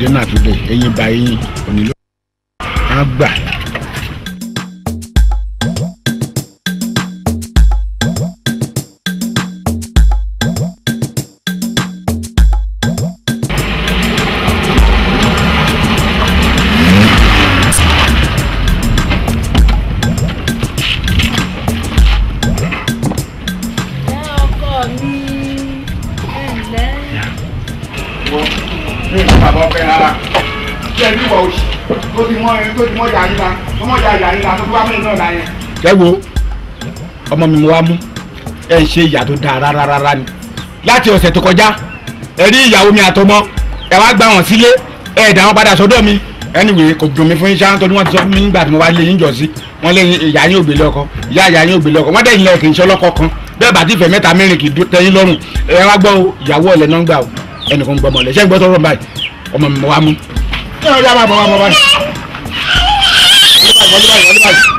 dènà àtúndẹ̀ ẹ̀yìn báyìí On the. ẹ wo ọmọ mi wá mú ẹ ń ṣe ìyà tó dáa rárá rárá ni láti ọ̀sẹ̀ tó kọjá ẹ rí ìyàwó mi àtọmọ ẹ wá gbà wọ́n sílé ẹ dà wọ́n padà sọ́dọ̀ mi anyway kò dùn mí fún iṣẹ́ àwọn tó ní wọ́n ti sọ fún mi nígbà tí mo wá lé yín jọ sí wọ́n lé ìyá yín ògbélé ọkọ ìyá ìyá yín ògbélé ọkọ wọ́n dẹ̀ ilẹ̀ kì í ṣe ọlọ́kọ kan bẹ́ẹ̀ bá ti fẹ́ mẹ́ta mẹ́rin kì í tẹ́yìn lọ́rùn ẹ wá gbọ́ ìyàwó ọ̀lẹ́ náà ń gbà o ẹnìkan ń gbọmọ lẹ́sẹ̀ ń gbọ́ tọrọ báyìí ọmọ mi wá mú. ẹ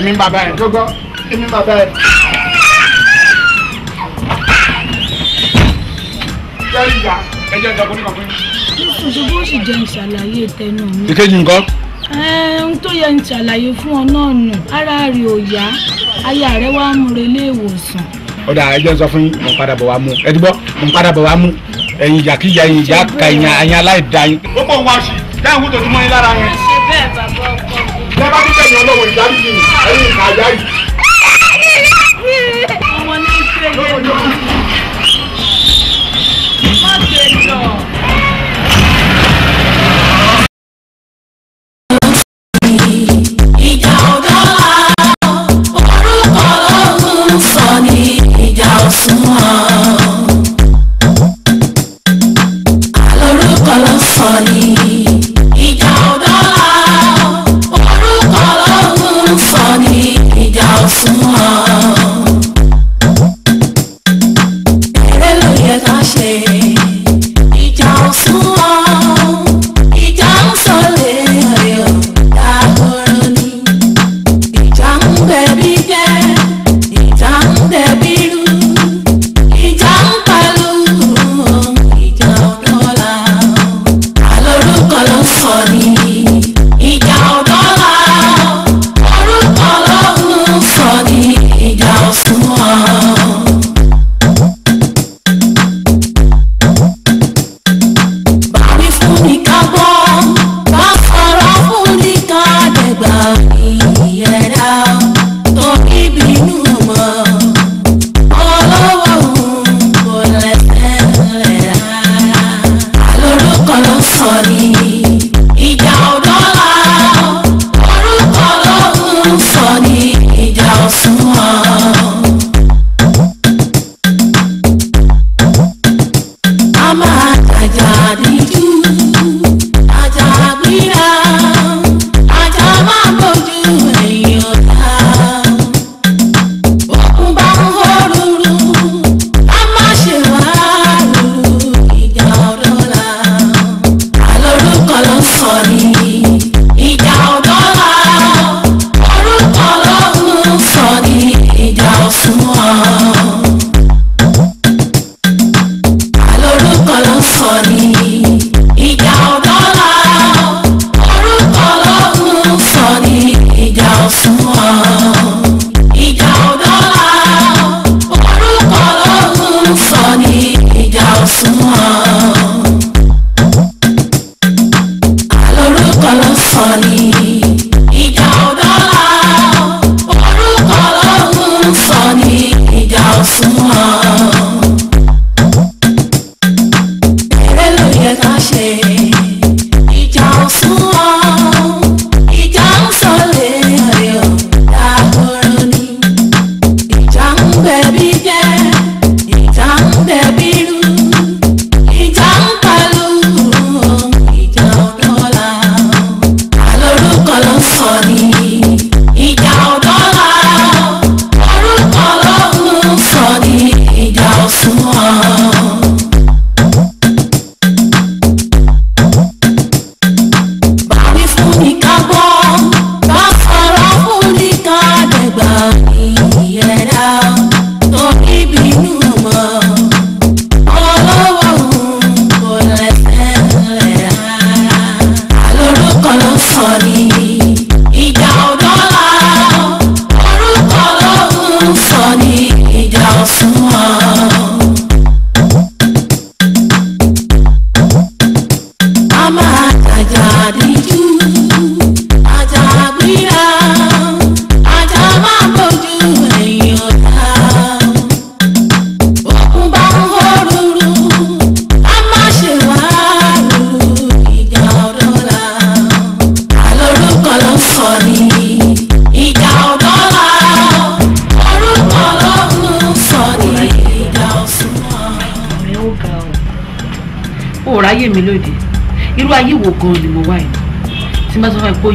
èmi bàbá ẹ̀ tó gbọ́ èmi bàbá ẹ̀. jẹ́rìí ìyá ẹjẹ́ ìjọba oníkan fún mi. mo sọ̀tọ̀ bó sì jẹ́ ìṣàlàyé tẹnu mi. ìkejì nǹkan. ohun tó yẹ ní ṣàlàyé fún ọ náà nù ara rẹ̀ ò yá aya rẹ̀ wá mú re ilé ìwòsàn. ó dà ẹjẹ́ sọ fún yín mo ń padà bọ̀ wá mú ẹ ti gbọ́ mo ń padà bọ̀ wá mú ẹ̀yin ìyàkíyà ẹ̀yin ìyá ka ẹ̀yin aláìda yín. ó pọ̀ wá sí dáhùn tó tún mọ́ yín lára yẹn lẹ́bà tó tẹ̀yìn ọlọ́wọ́ ìdáríjì ẹ̀yìn ìkàyà yìí. ọmọ ní ìfẹ́ yẹn.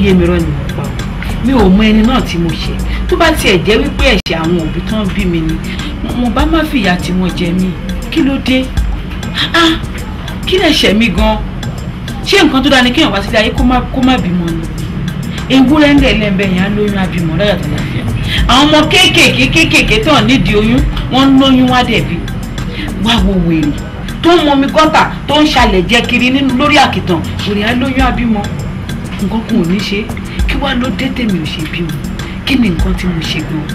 yé mi rọ́ ni mo pa o mi ò mọ ẹni náà tí mo ṣe tó bá tiẹ̀ jẹ́ wípé ẹ̀ṣẹ̀ àwọn òbí tán bí mi ni mo bá má fìyà tí wọ́n jẹ mí kí ló dé ah kí lè ṣẹ̀ mí gan ṣé nǹkan tó dáa ni kéèyàn wá sílé ayé kó má kó má bímọ ni ewúrẹ́ ń lẹ̀lẹ́ bẹ́ẹ̀ yẹn á lóyún abímọ lọ́yà tó láfíà àwọn ọmọ kéékèèké kéékèèké tó hàn nídìí oyún wọ́n ń lóyún wá dẹ̀bi wá wo wèrè tó ń mọmi gọ́tà tó ń ṣàlẹ̀ jẹ kiri lórí àkìtàn wèrè á lóyún abímọ nǹkan kan ò ní ṣe kí wàá ló dé tèmi ò ṣe bí mo kí ni nǹkan tí mo ṣe gan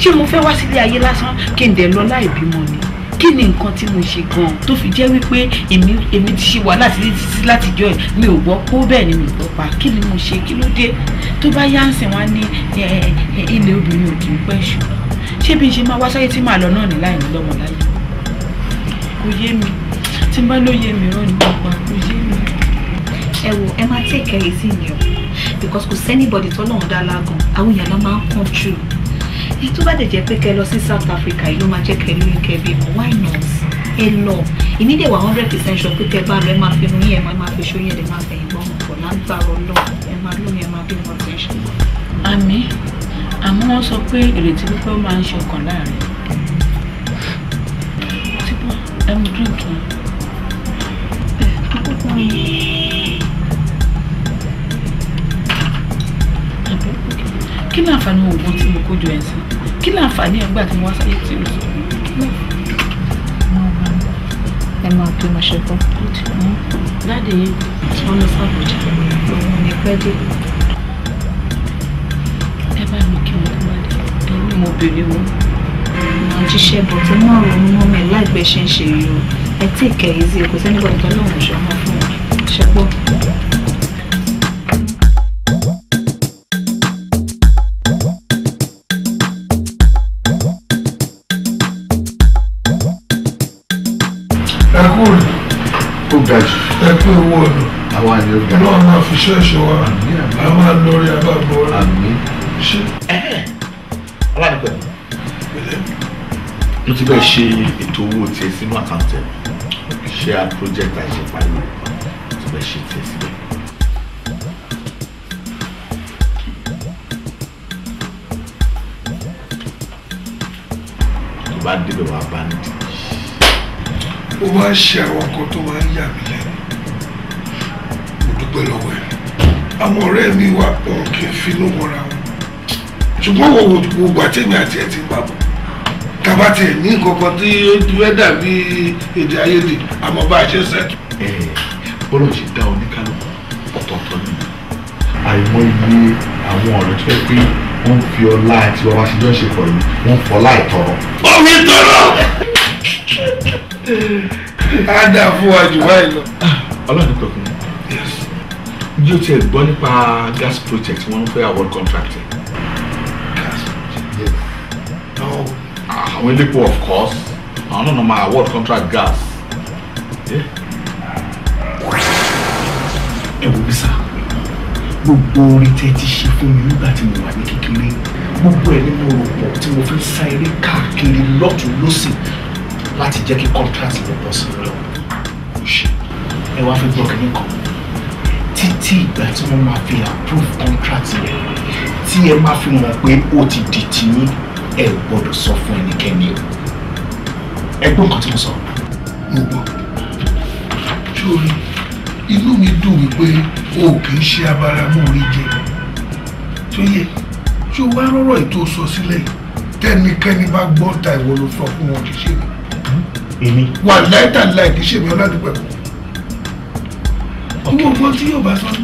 ṣé mo fẹ́ wá sílé ayé lásán kí n dẹ̀ lọ láì bímọ ni kí ni nǹkan tí mo ṣe gan tó fi jẹ́ wípé èmi èmi ti ṣe wàhálà títí títí láti jọ ẹ̀ mi ò gbọ́ kó bẹ́ẹ̀ ni mi ò gbọ́ pa kí ni mo ṣe kí ló dé tó bá yá ń sìn wá ní ilé obìnrin ò kì í pẹ́ ṣù ṣé bí n ṣe máa wá sáyé tí màá lọ náà ní láì ní lọ́mọ láyé kò yé mi tí n bá lóye mìíràn ni mo ẹ máa take care easy ni o because kò sẹ́nibọ̀dì tọ́lọ́run dá lágùn àwọn èèyàn náà máa ń kàn true èyí tó bá dẹ̀ jẹ́ pé kẹ́ lọ sí South Africa yìí ló máa jẹ́ kẹ́ lóyún kẹ́ mọ̀ why not ẹ lọ ìnídẹ̀ wà hundred percent sọ pé kẹ́ bá lọ ẹ máa fi inú yín ẹ máa fi ṣóyún ẹ̀ máa fẹ̀yìn bọ́ ọ̀pọ̀ lágbára ọlọ́run ẹ máa lóyún ẹ máa bí wọn fẹ́ ṣe. àmì àmọ́ wọ́n sọ pé ìrètí pípẹ́ máa ń ṣọkàn láàrin ẹ mú dúró kí n. kí ni àǹfààní oògùn tí mo kójú ẹ̀ sí kí ni àǹfààní ẹgbà tí mo wá sáyé tí o sọ fún mi. ẹ máa bí mo ṣe gbọ́. dáàdi yìí tí òun ní pẹ́ dé. ẹ bá mi kí wọn wá dé ẹni mo bèrè wọn. mo jíṣẹ́ bọ̀ tó máa ronú mọ́ mi láìpẹ́ ṣe ń ṣe yìí o ẹ tí ì kẹ́ ẹ́ sí kò sẹ́ni bọ̀ tó lóun ṣọmọ fún mi ṣe gbọ́. ṣọ́ọ̀ṣì wa a máa lórí abábọ̀ ṣe. aládùúgbò mo ti bẹ́ẹ̀ ṣe ètò owó tiẹ̀ sínú àkáǹtì ẹ̀ ṣe a project àṣeparí mo ti bẹ́ẹ̀ ṣe tiẹ̀ síbẹ̀. tó bá débẹ̀ wá bá ń dì. ó wá ṣe àwọn kan tó máa ń yà mí lẹ́nu dúpẹ́ lọ́wọ́ ẹ̀ àwọn ọ̀rẹ́ mi wà pọ̀ kí n fi ló wọra wọn ṣùgbọ́n wo gbogbo àtẹ̀mí àti ẹ̀ ti papọ̀ tàbá tiẹ̀ ní kankan tí ó fẹ́ dàbí èdè àìyedè àmọ́ bá a ṣe sẹ́tù. ẹ bọ́lọ̀ ṣe dá oníkálukú ọ̀tọ̀ọ̀tọ̀ nínú àìmọ̀ iye àwọn ọ̀rẹ́ tó yẹ pé wọ́n ń fi ọlá àti ọba ṣíjọ́ ṣe pọ̀ ní wọ́n ń fọlá ìtọ̀rọ̀. omi tọrọ. á dà fún wa jù báyìí lọ. Ah, ọlọ́run tó bí o tiẹ̀ gbọ́ nípa gas project wọ́n fẹ́ award contracting. yẹn. gas project yẹn. Oh, àwọn elépo of course àwọn náà máa award contract gas. ẹ wo bí sá gbogbo orin tẹ́ ti ṣe fún mi nígbà tí mo wà ní kékeré gbogbo ẹ̀ nínú òròpọ̀ tí mo fi ń sá eré káàkiri lọ́tún lọ́sìn láti jẹ́ kí contract lè bọ́ sí i lọ. ẹ wá fi gbọ́ kínní kan títí ìgbà tí wọ́n máa fi approve contract rẹ̀ tí ẹ máa fi mọ̀ pé ó ti di tiyín ẹ ò gbọ́dọ̀ sọ fún ẹnikẹ́ni o ẹgbọ́n nǹkan tí mo sọ. mo gbọ́ sórí inú mi dùn wípé o kì í ṣe abáramóore jẹ tó yẹ tí o wá rọ̀rọ̀ ètò sọ sílẹ̀ tẹ́nikẹ́ni bá gbọ́ ta ìwọ ló sọ fún wọn kì í ṣe mi. èmi. wà láìta láì kì í ṣe mi ọládùúgbò ẹ̀kọ́ owó ọgbọ́n tí yóò bá sọ ní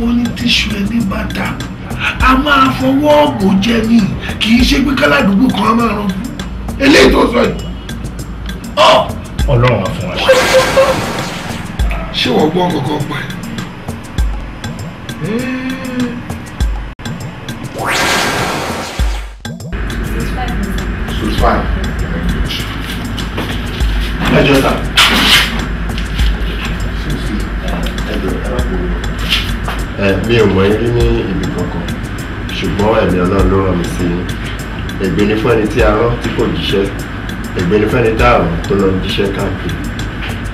wọ́n ní tíṣù ẹni bá dà a máa fọwọ́ ọ̀gbọ̀ jẹ ní kì í ṣe pé káládùúgbò kan á máa rán eléyìí tó sọ yìí ọ ọlọ́run fún wa. ṣé wọ́n gbọ́ kankan pa ẹ̀. Thank you. mi ò mọ̀ rí ní ibi kankan ṣùgbọ́n ẹ̀mí ọlọ́run ló rọ̀ mí sí i ègbé ni fún ẹni tí a rán tí kò jíṣẹ́ ègbé ni fún ẹni tá a rán tó lọ jíṣẹ́ káàkiri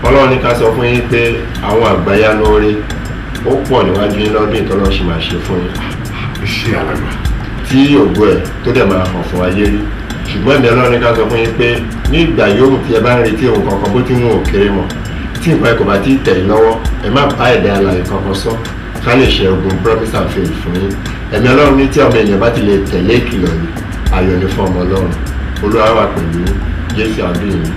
ọlọ́run ní ká sọ fún yín pé àwọn àgbáyanu oore ó pọ̀ níwájú yín lọ́dún ìtọ́lọ́ ṣe máa ṣe fún yín. ṣé alàgbà. tí ògo ẹ̀ tó dẹ̀ máa hàn fún ayé rí ṣùgbọ́n ẹ̀mí ọlọ́run ní ká sọ fún yín pé ní ìgbà yòówù tí ẹ bá ń retí ohun kankan bó ti ń wò kéré mọ̀ tí nǹkan ẹ̀ kò bá ti tẹ̀ lọ́wọ́ ẹ má bá ẹ̀dá alàyè kankan sọ ká lè ṣe ogun and faith fún yín ẹ̀mí ọlọ́run ní tí ọmọ ènìyàn bá ti lè tẹ̀lé ìkìlọ̀ yìí ayọ̀ ni fún ọmọ ọlọ́run olúwa wà pẹ̀lú jésù àdúyìn.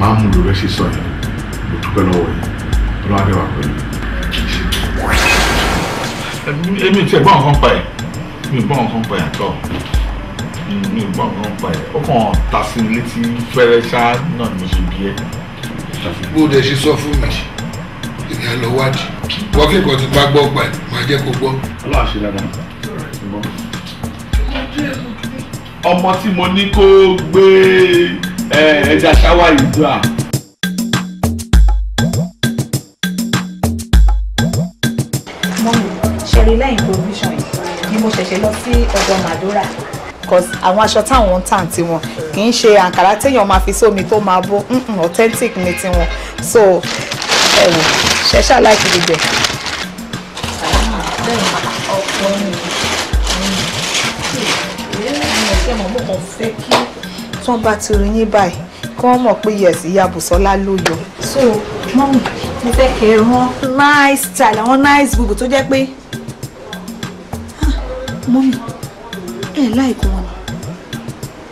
máa mú lórí ẹsẹ sọ yẹn mo dúpẹ́ lọ́wọ́ yìí ọlọ́run adé wà pẹ̀lú. èmi tí ẹ gbọ́n nǹkan pa ẹ̀ mi gbọ́n nǹkan pa ẹ̀ àtọ̀ mi gbọ́n nǹkan pa ẹ̀ ó kàn ta létí fẹ́rẹ́ ṣáá náà ni mo ṣe bí ẹ bó o dẹ̀ ṣe sọ fún mi ìyá lọ wádìí wọ́n kẹ́kọ̀ọ́ ti bá gbọ́ pa ẹ̀ máa jẹ́ kó gbọ́. ọmọ tí mo ní kó gbé ẹja ṣáwá ìlú à. mọ́mí ṣe rí lẹ́yìn provision yìí ni mo ṣẹ̀ṣẹ̀ lọ sí ọ̀dọ̀ màdúrà cause àwọn aṣọ táwọn ń tàn tiwọn kì í ṣe àǹkàrá téèyàn máa fi sómi tó máa bó authentic ni tiwọn so ẹ wò ṣe ṣàlàyé ibẹ̀. tí wọ́n bá ti rí yín báyìí kí wọ́n mọ̀ pé yes ìyá Bùsọ́lá ló yọ. so mọ́mí mo fẹ́ kẹ́ ẹ rán nice style àwọn nice gbogbo tó jẹ́ pé ah, mọ́mí ẹ láìpẹ́ wọn ni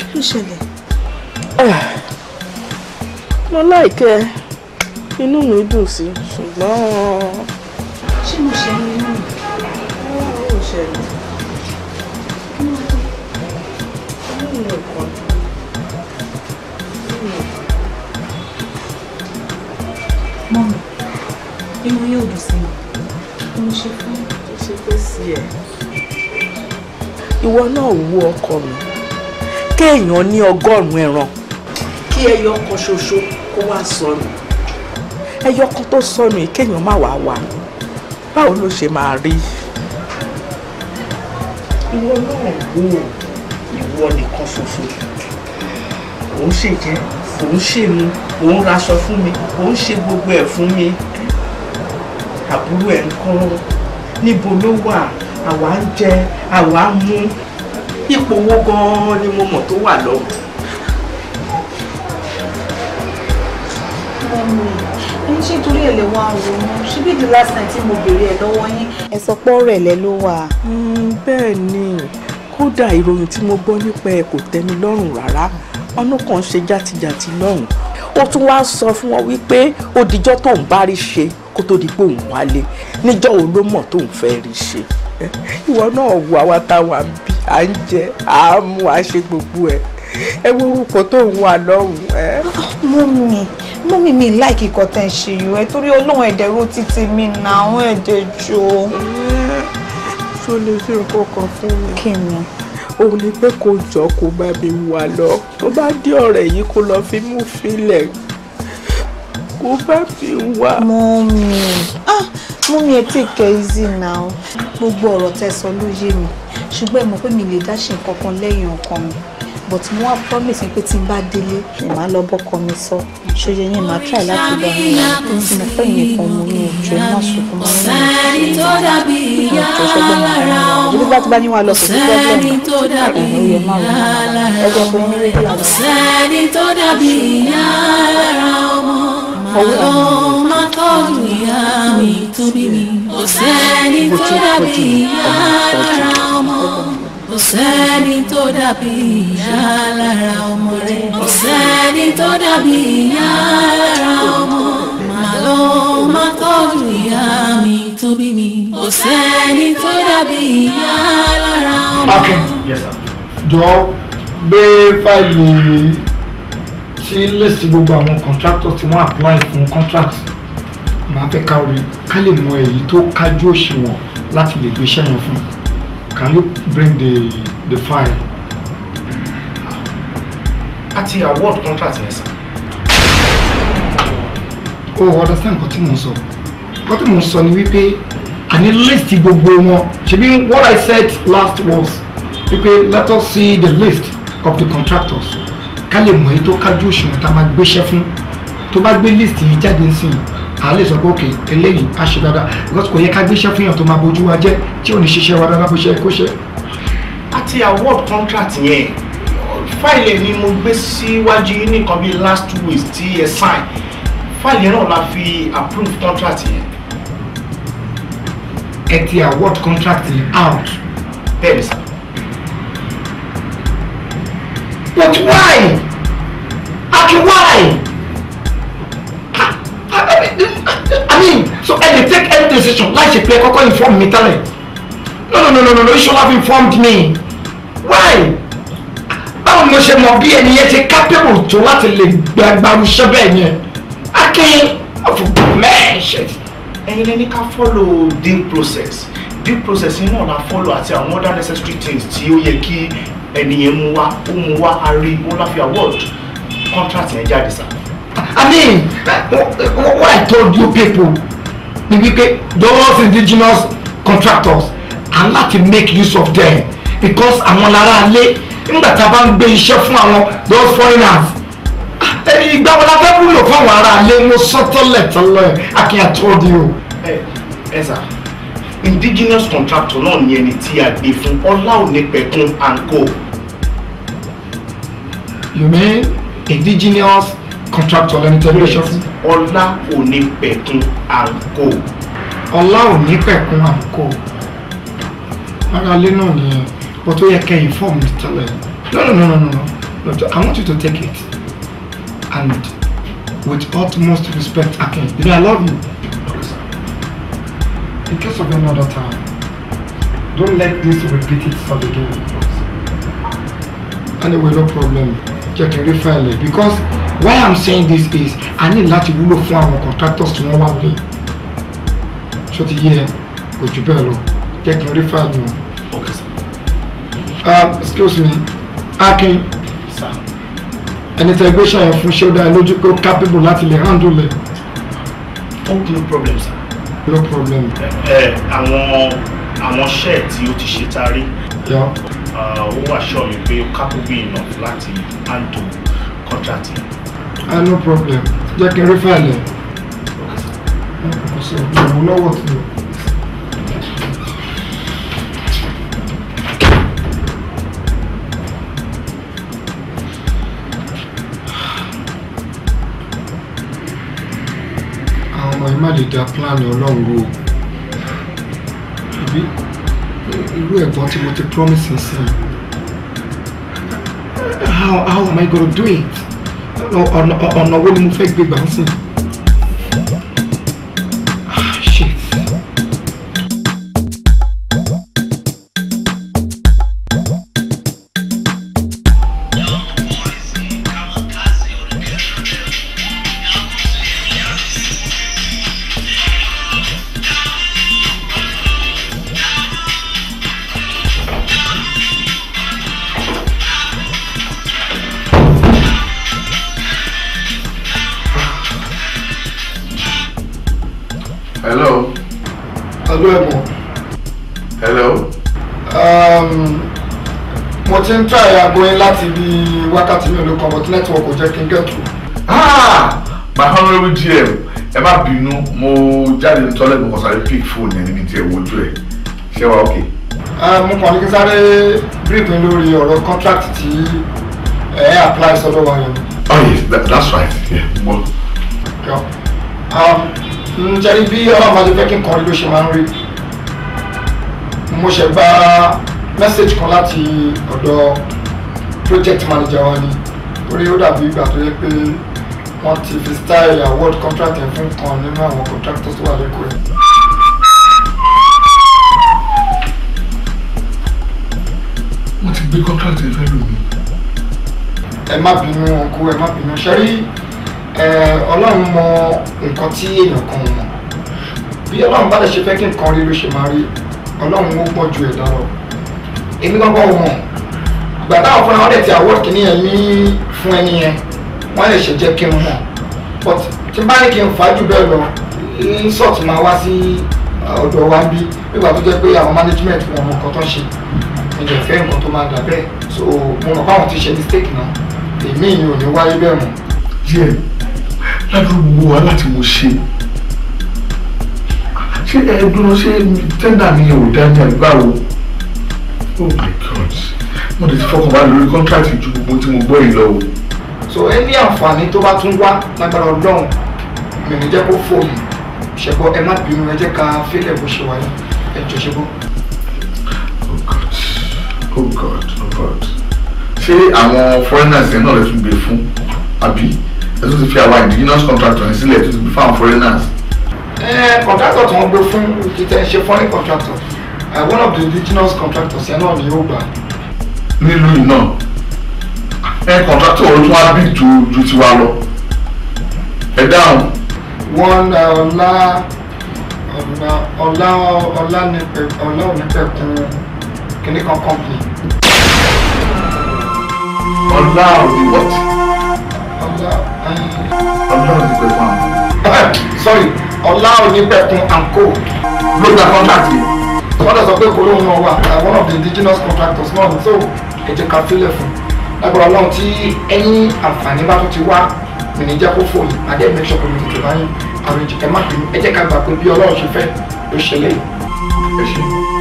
kí ló ṣẹlẹ̀. mo láìkẹ́ inú mi dùn sí ṣùgbọ́n. ṣé mo ṣe ní inú mi. ó ṣẹlẹ̀. mọ́mi inú yóò dùn sí mi. mo ṣe fún. mo ṣe fún sí ẹ ìwọ náà wo ọkọ mi kéèyàn ní ọgọ́rùn-ún ẹran kí ẹyọ kan ṣoṣo kó wá sọnù ẹyọ kan tó sọnù yìí kéèyàn má wàá wà báwo ló ṣe máa rí. ìwọ náà wo ìwọ nìkan ṣoṣo òun ṣe jẹ òun ṣe mi òun raṣọ fún mi òun ṣe gbogbo ẹ̀ fún mi àbúrò ẹ̀ ń kọ́ níbo ló wà àwa ń jẹ àwa ń mú ipò owó gan-an ni mo mọ̀ tó wà lọ́wọ́. ẹni ṣe torí ẹ lè wá ronú ṣíbí the last time tí mo béèrè ẹ lọ́wọ́ yín. ẹ sọ pé ọ̀rọ̀ ẹ lẹ ló wà. Hmm, bẹ́ẹ̀ ni kódà ìròyìn tí mo gbọ́ nípa ẹ kò tẹ́ mi lọ́rùn rárá ọ̀nà kan ṣe játijàti lọ́hùn ó tún wá sọ fún wọn wípé ó dijọ́ tóun bá rí ṣe kó tó di pé òun wálé níjọ́ òun ló mọ̀ tóun fẹ́ rí ṣe ìwọ náà wù àwa táwa ń bí à ń jẹ à ń mu à ń ṣe gbogbo ẹ ẹ wo orúkọ tó ń wà lọ́hùn ẹ. mú mi mú mi mi láìkí kọ́ tẹ̀ ń ṣe yìí ẹ torí ọlọ́run ẹ̀dẹ̀ ro títí mi nà àwọn ẹ̀dẹ̀ jò. ṣó lè ṣe nǹkan kan fún mi. kí ni òun ni pé kò jọ kó bá mi wà lọ tó bá dé ọ̀rẹ́ yìí kó lọ fi mú filẹ̀ kó bá mi wà. mọ́ mi ah mú mi ètò ìkẹ́ easy now gbogbo ọ̀rọ̀ tẹ́ sọ ló yé mi ṣùgbọ́n ẹ mọ̀ pé mi lè dá ṣe nǹkan kan lẹ́yìn ọkàn mi but mo wá promise pé tí n bá délé ni màá lọ bọ́kọ mi sọ ṣoye yín màá try láti bá mi rìn tí mo fẹ́ yẹn kan mo ní ìjọ má sunkún mọ́ nínú ìjọ ìjọ ṣẹgbẹ́ máa rìn àwọn ìdílé bá ti bá níwá lọ kò sí pọ́blẹ́mù àìní oyè máa wọ̀ ẹgbẹ́ pé ní rédíò náà. ọ̀sẹ̀ ni tó dàbí ìyá lára ọmọ ọmọ tó ìyá mi tó bí mi kò sẹ́ni tó dàbí ìyá lára ọmọ kò sẹ́ni tó dàbí ìyá ọmọ rẹ kò tó dàbí ìyá ọmọ màlọ́ ọmọ tó ìyá mi tó bí mi kò sẹ́ni tó dàbí ìyá lára ọmọ. Akin jọ gbé fáìlì yìí tí list gbogbo àwọn contractors tí wọ́n apply fún contract máa fẹ́ ká rí ká lè mọ èyí tó kájú òṣùwọ̀n láti lè gbé iṣẹ́ yẹn fún can you bring the the file. àti award contract yẹn sàn. o oh, understand nǹkan tí mò ń sọ nǹkan tí mò ń sọ ni wípé a ní list gbogbo wọn ṣebí what i said last was wípé let us see the list of the contractors ká lè mọ̀ èyí tó kájú òṣùwọ̀n tá a máa gbéṣẹ́ fún tó bá gbé list yìí jáde sí i à lè sọ pé òkè eléyìí á ṣe dáadáa because kò yẹ ká gbéṣẹ́ fún yàn tó máa bójú wa jẹ́ tí ò ní ṣiṣẹ́ wa dáadáa bó ṣe kó ṣe. àti award contract yẹn fáìlì ni mo gbé síwájú yín ní bíi last two weeks tí ẹ sign fáìlì náà la fi approve contract yẹn. ẹ ti award contract yẹn out. bẹ́ẹ̀ ni sábà. But why? Aki, why? I, mean, so I dey take any decision like ṣe play, kọ́kọ́ inform mi tẹ́lẹ̀. me? no, no, no, no, no, you should have informed me. Why? Báwo ni mo ṣe mọ̀ bí ẹni yẹn ṣe capable tó láti lè gbàgbàrúṣẹ́ I yẹn? man, shit. And then you can follow due process due process náà la follow àti àwọn other necessary things tí ó yẹ key ẹni yẹn mú wá ó mú wá a rí ó award contract yẹn jáde sá. I mean what I told you people ni wípé those indigenous contractors are not to make use of them because àwọn lára lé nígbà tá a bá ń gbé iṣẹ́ fún àwọn those foreigners ìgbà wọn la fẹ́ wúlò fún àwọn ará ilé mo sọ tẹ́lẹ̀ tẹ́lẹ̀ akin I told you. ẹ ẹ sà indigenous contractor náà ni ẹni tí a gbé fún ọlá òní pẹ̀kun and co you mean indigenous contractor limited relations. ọlá òní pẹ̀kun and co. ọlá òní pẹ̀kun and co. aráalé náà ni but ó can kẹ́ inform me tẹ́lẹ̀ no no no no no no i want you to take it and with utmost respect akin you know i love you in case of another time don't let this repeat itself again anyway no problem jẹ́ kí because why i'm saying this is i need láti wúlò fún àwọn contractors tí wọ́n wá mi ṣó ti yé ẹ kò jù lọ jẹ́ kí n ah, excuse me akin ẹni tẹ gbé ṣàyẹn fún ṣé ó dá lójú pé ó capable láti lè handle ẹ. oh no problem sir. no problem. ẹ eh, ẹ eh, àwọn àwọn ṣẹ́ẹ̀ tí ó ti ṣe taari. yọ. Yeah. Uh, ó wà ṣọ́ mi pé ó kápó bí iná láti handle contract ah no problem jẹ́ kí n rí fáìlì ẹ̀ kò sí ìgbìmọ̀ lọ́wọ́ tó lọ. àwọn ọmọ ẹ má lè da plan ọlọ́run o irú ẹ̀gbọ́n tí mo ti promise him how how am I gonna do it ọ̀nà wo ni mo fẹ́ gbé gbà ń sìn. mi ò lè kọ́ but network ò jẹ́ kí n my honourable GM ẹ má bínú mo jáde tọ́lẹ̀ mo kàn sáré pick phone ẹni mi tiẹ̀ wojú ẹ̀ ṣé wàá ok. mo kàn ní kí sáré brief mi lórí ọ̀rọ̀ contract tí ẹ apply sọ́dọ̀ wa yẹn. oh yes that, that's right. Yeah, well. um, njẹ́rí bí ọlọ́run bá ti fẹ́ kí n kọrin ló ṣe máa ń rí mo ṣe gba message kan láti ọ̀dọ̀ project manager wa ni torí ó dàbí ìgbà tó yẹ pé wọ́n ti fi style award contract yẹn fún kan nínú àwọn contractors tó wà lẹ́kọ̀ọ́ yẹn. wọ́n ti gbé contract yẹn fẹ́ lómi. ẹ má bínú ọkọ ẹ má bínú ṣẹ́rí ọlọ́run mọ nǹkan tí èèyàn kan mọ̀ bí ọlọ́run bá lè ṣe fẹ́ kí nǹkan rí ló ṣe máa rí ọlọ́run ó pọ̀ ju ẹ̀dá lọ èmi gbọ́dọ̀ mọ̀ ìgbà táwọn fúnra wọn dẹ̀ ti award kìíní yẹn ní fún ẹni yẹn wọ́n lè ṣe jẹ́ kí n mọ̀ but tí n bá ní kí n fà á jù bẹ́ẹ̀ lọ insult máa wá sí ọ̀dọ̀ wa bí nígbà tó jẹ́ pé àwọn management wọn mọ̀ nǹkan tó ń ṣe ẹ̀jẹ̀ fẹ́ nǹkan tó máa dà bẹ́ẹ̀ so mo mọ̀ báwọn ti ṣe mistake náà èmi ìyẹn ò ní wáyé bẹ́ẹ̀ mọ̀. yẹ ládùúgbò gbogbo wa láti mo ṣe ṣé ẹ dúró ṣé tẹ́ndà mi ò dájà báwo. oh my god mo ti fọkàn bá lórí contract ju gbogbo tí mo gbọ́ yìí lọ o. so ẹni àǹfààní tó bá tún wá lágbára ọlọ́run mi ní jẹ́ kó fò mí ṣẹ̀gbọ́n ẹ má bínú ẹ jẹ́ ká fílẹ̀ bó ṣe wáyé ẹ jọ ṣe oh god oh god oh god ṣé àwọn foreigners yẹn náà lè tún gbé fún àbí ẹ tún ti fi àwọn indigenous contractor yẹn sílẹ̀ tó ti gbé fún àwọn foreigners. ẹ contractor tí wọ́n gbé fún kìtẹ́ ṣe foreign contractor uh, one of the indigenous contractors yẹn náà ni ó gbà á nílùú yìí náà ẹ kọ̀ǹtàtọ̀ ọ̀rọ̀ tó wá bí ju ju tiwa lọ ẹ dáhùn. wọ́n na ọlá ọlá ọlá ọlá nípẹ ọlá onípẹ̀kun kìnnì kan kọ́ńpì. ọlá òní wọ́tí. ọlá ọlá onípẹ̀kun. sorry ọlá onípẹ̀kun and co. ló gba kọ́ńtàtì yìí wọ́n dẹ̀ sọ pé kòró náà wà one of the indigenous contractors náà so ẹ jẹ́ ká fílẹ̀ fún lágbára ọlọ́run tí ẹ̀yìn àǹfààní bá tún ti wá mi ní jẹ́ kó fò yìí adé mi sọ pé mi tètè bá yín àrùn ìjìká má bínú ẹ jẹ́ ká gbà pé bí ọlọ́run ṣe fẹ́ ló ṣẹlẹ̀ yìí ẹ ṣeun.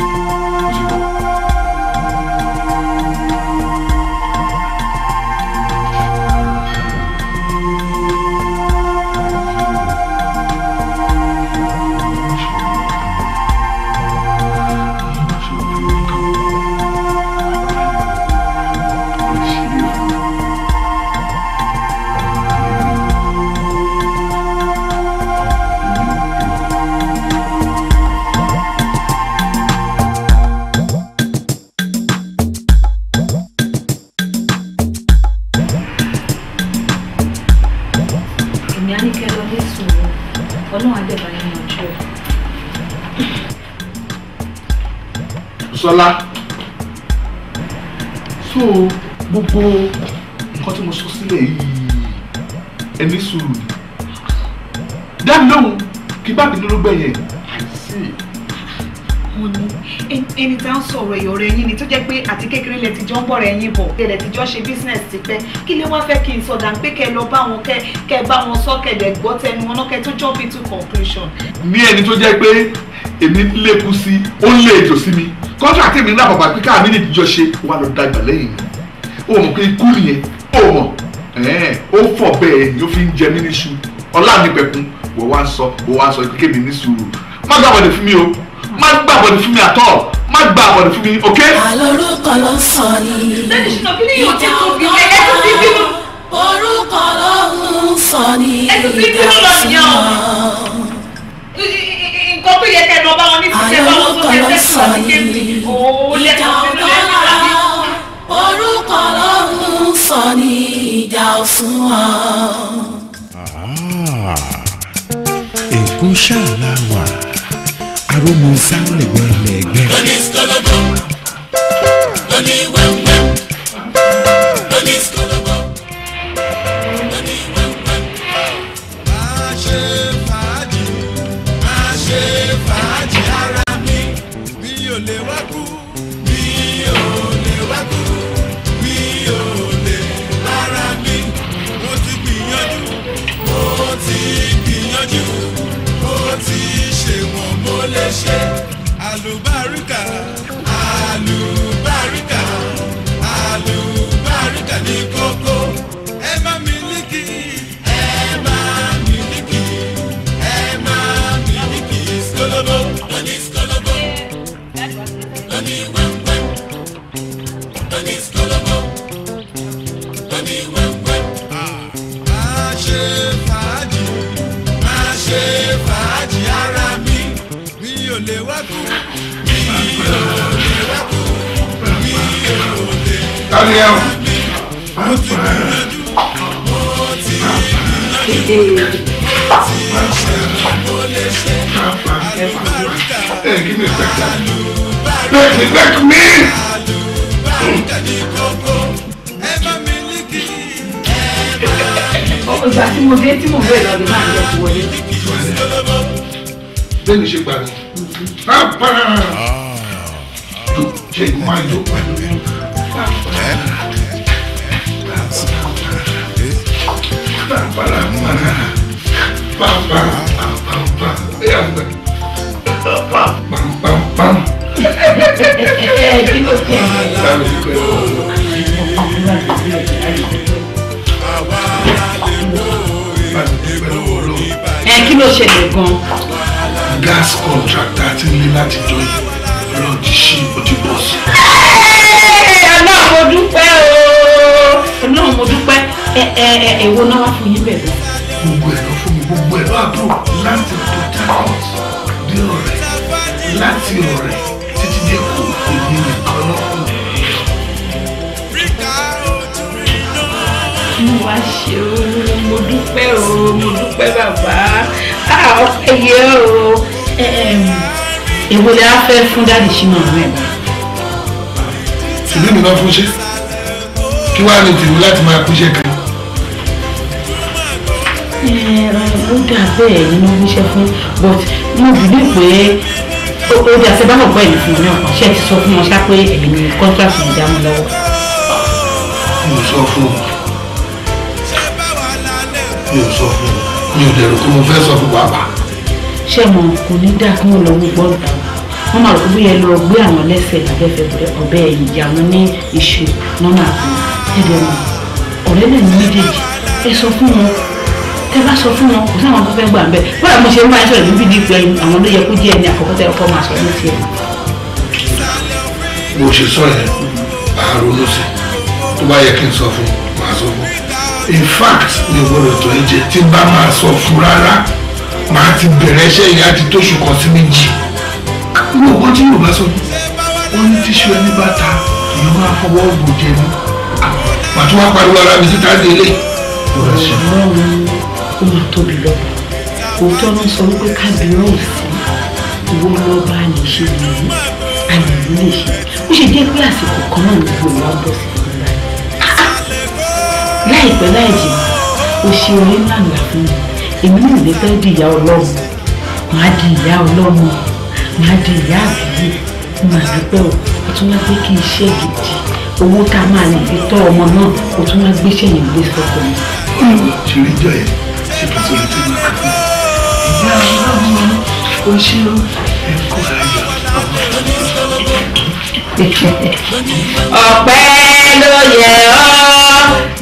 Tọ́lá so gbogbo nǹkan tí mo sọ sílẹ̀ yìí ẹni sùúrù ni dáàbì lóhùn kí bá bínú ló gbẹ̀yẹ̀ àìsí. mo ní ẹni tá ń sọ̀rọ̀ èyí ọ̀rẹ́ yín ni tó jẹ́ pé àti kékeré lẹ ti jọ ń bọ̀rẹ̀ yín bọ̀ lẹ ti jọ ṣe bísínẹ̀sì tipẹ́ kí lẹ wá fẹ́ kí n sọ̀dà pé kẹ lọ bá wọn kẹ kẹ bá wọn sọ kẹdẹ gbọ́ tẹnu wọn kẹ tó jump into conclusion. ní ẹni tó jẹ́ pé èmi lékún sí ó lè jò sí mi contract mi náà bàbá píkà mi nìdí jọ ṣe wà lọ dàgbà lẹ́yìn mi ó mọ̀ pé ikú nìyẹn ó mọ̀ ó fọ̀ bẹ́ẹ̀ ni ó fi ń jẹ mí níṣu ọlá mi pẹ̀kun wọ́n wá ń sọ wọ́n wá ń sọ kékeré mi ní sùúrù má gbà bọ̀dẹ̀ fún mi o má gbà bọ̀dẹ̀ fún mi àtọ̀ má gbà bọ̀dẹ̀ fún mi ok. àlórúkọ ló sọ ni orúkọ ló ń sọ ni ìdásílẹ̀ nǹkan tó yẹ kẹ́ ẹ̀ lọ bá wọn ní ìfẹ́ bá wọn tó yẹ kẹ́ ẹ̀ lọ sí kéèmì òun lẹ́ orúkọ lọ́run sọ ní ìjà òfin wa. èkó ṣáàlà wà arómo sáré gbẹlẹgbẹ. lóní Olùbárí. yẹ o. Hey, give me back that. Let me back me. Oh, that's mo dé tí mo bẹ̀rẹ̀ lọ́dún máa ń lọ sí wọlé. Then you should gbà mí. Ah. Ṣé ìgbìmọ̀ àjò pẹ̀lú ẹ kí ló ṣẹlẹ̀ gan. gas contractor ti ní láti dọ̀yìn lọ́ọ̀dì sí odi bọ́ọ̀sì. ọlọ́run mo dúpẹ́ o ọlọ́run mo dúpẹ́ ẹ ẹ ẹ èwo náà wá fún yín bẹ̀rẹ̀. gbogbo ẹ̀ lọ àbúrò láti port harcourt dé ọ̀rẹ́ láti ọ̀rẹ́ títí dé kò èmi nìkan lọ́kù. mo wá ṣe o mo dúpẹ́ o mo dúpẹ́ bàbá a ọpẹ́ yẹ o èwo lè á fẹ́ fún dáàdì sínú ọ̀rẹ́ mi. ìlú mi náà fún ṣe kí wàá ní tèmi láti máa kúṣẹ́ kan ó dà bẹ́ẹ̀ nínú oníṣẹ́ fún but mo dìde pé ó dà sẹ́ bá mọ̀ pé ẹ̀mí fún mi náà ṣe ti sọ fún wọn ṣá pé ẹ̀mí ni contract mi dá mi lọ́wọ́. mi ò sọ fún ọ mi ò sọ fún ọ mi ò dẹ̀rù kí mo fẹ́ sọ fún bàbá. ṣé mo kò ní dà kí mo lọ wí gbọ́dọ̀ wọ́n máa rò pé bóyá lọ gbé àwọn lẹ́sẹ̀ lábẹ́fẹ́ ọ̀bẹ ìyá wọn ní iṣu lọ́nà àpò ẹ̀dẹ̀ wọn ọ̀rẹ́ lẹ́nu méjèèjì ẹ sọ fún wọn tẹ bá sọ fún wọn kò sí àwọn tó fẹ́ gbà ń bẹ̀ bọ́dà mo ṣe ń bá yín sọ̀rọ̀ ní fídíò pé àwọn ló yẹ kó díẹ̀ ní àkọ́kọ́ tẹ ọkọ máa sọ ní tiẹ̀. bó ṣe sọ yẹn àrònú sí tó bá yẹ kí n sọ fún màá sọ fún in fact mi ò gbọdọ̀ tó ẹ̀jẹ̀ tí bá máa sọ fún rárá màá ti bẹ̀rẹ̀ iṣẹ́ yìí láti tóṣù kan sí méjì ní ọgbọ́n tí yorùbá sọ wọ́n ní tíṣu ẹni bá ta èèyàn máa fọwọ́ ògùn jẹ ní àpàtúwápariwo ara mi títa délé ó máa tóbi lọ́wọ́ òótọ́ náà sọ wípé kábíyàn ò fún ìwọ lọ́ba lè ṣe nìyí àyẹ̀wò lè ṣe ó ṣe jẹ́ pé àsìkò kan náà ní gbogbo wa bọ̀ sí ìlú rẹ̀ láìpẹ́ láì jìnnà o ṣe orí ńlá ńlá fún mi èmi náà lè fẹ́ di ìyá ọlọ́run màá di ìyá ọlọ́run màá di ìyá àbíyè màá dúpẹ́ o ó tún wá pé kí iṣẹ́ gidi owó tá a máa lè fi tọ́ ọmọ náà ó tún wá gbéṣẹ́ yẹn gbé sọ́kọ̀ mi. ṣèlérí jọ yẹn ìyá ọlọ́mọ o ṣeun ẹ̀kọ́ ayọ̀ ọpẹ́ ló yẹ ọ́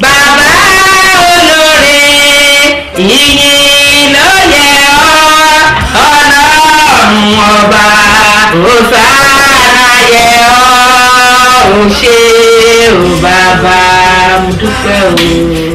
bàbá olóore ìyìn ló yẹ ọ́ ọlọ́run ọba òsàlà yẹ ọ́ òṣè ò bàbá mo dúpẹ́ o.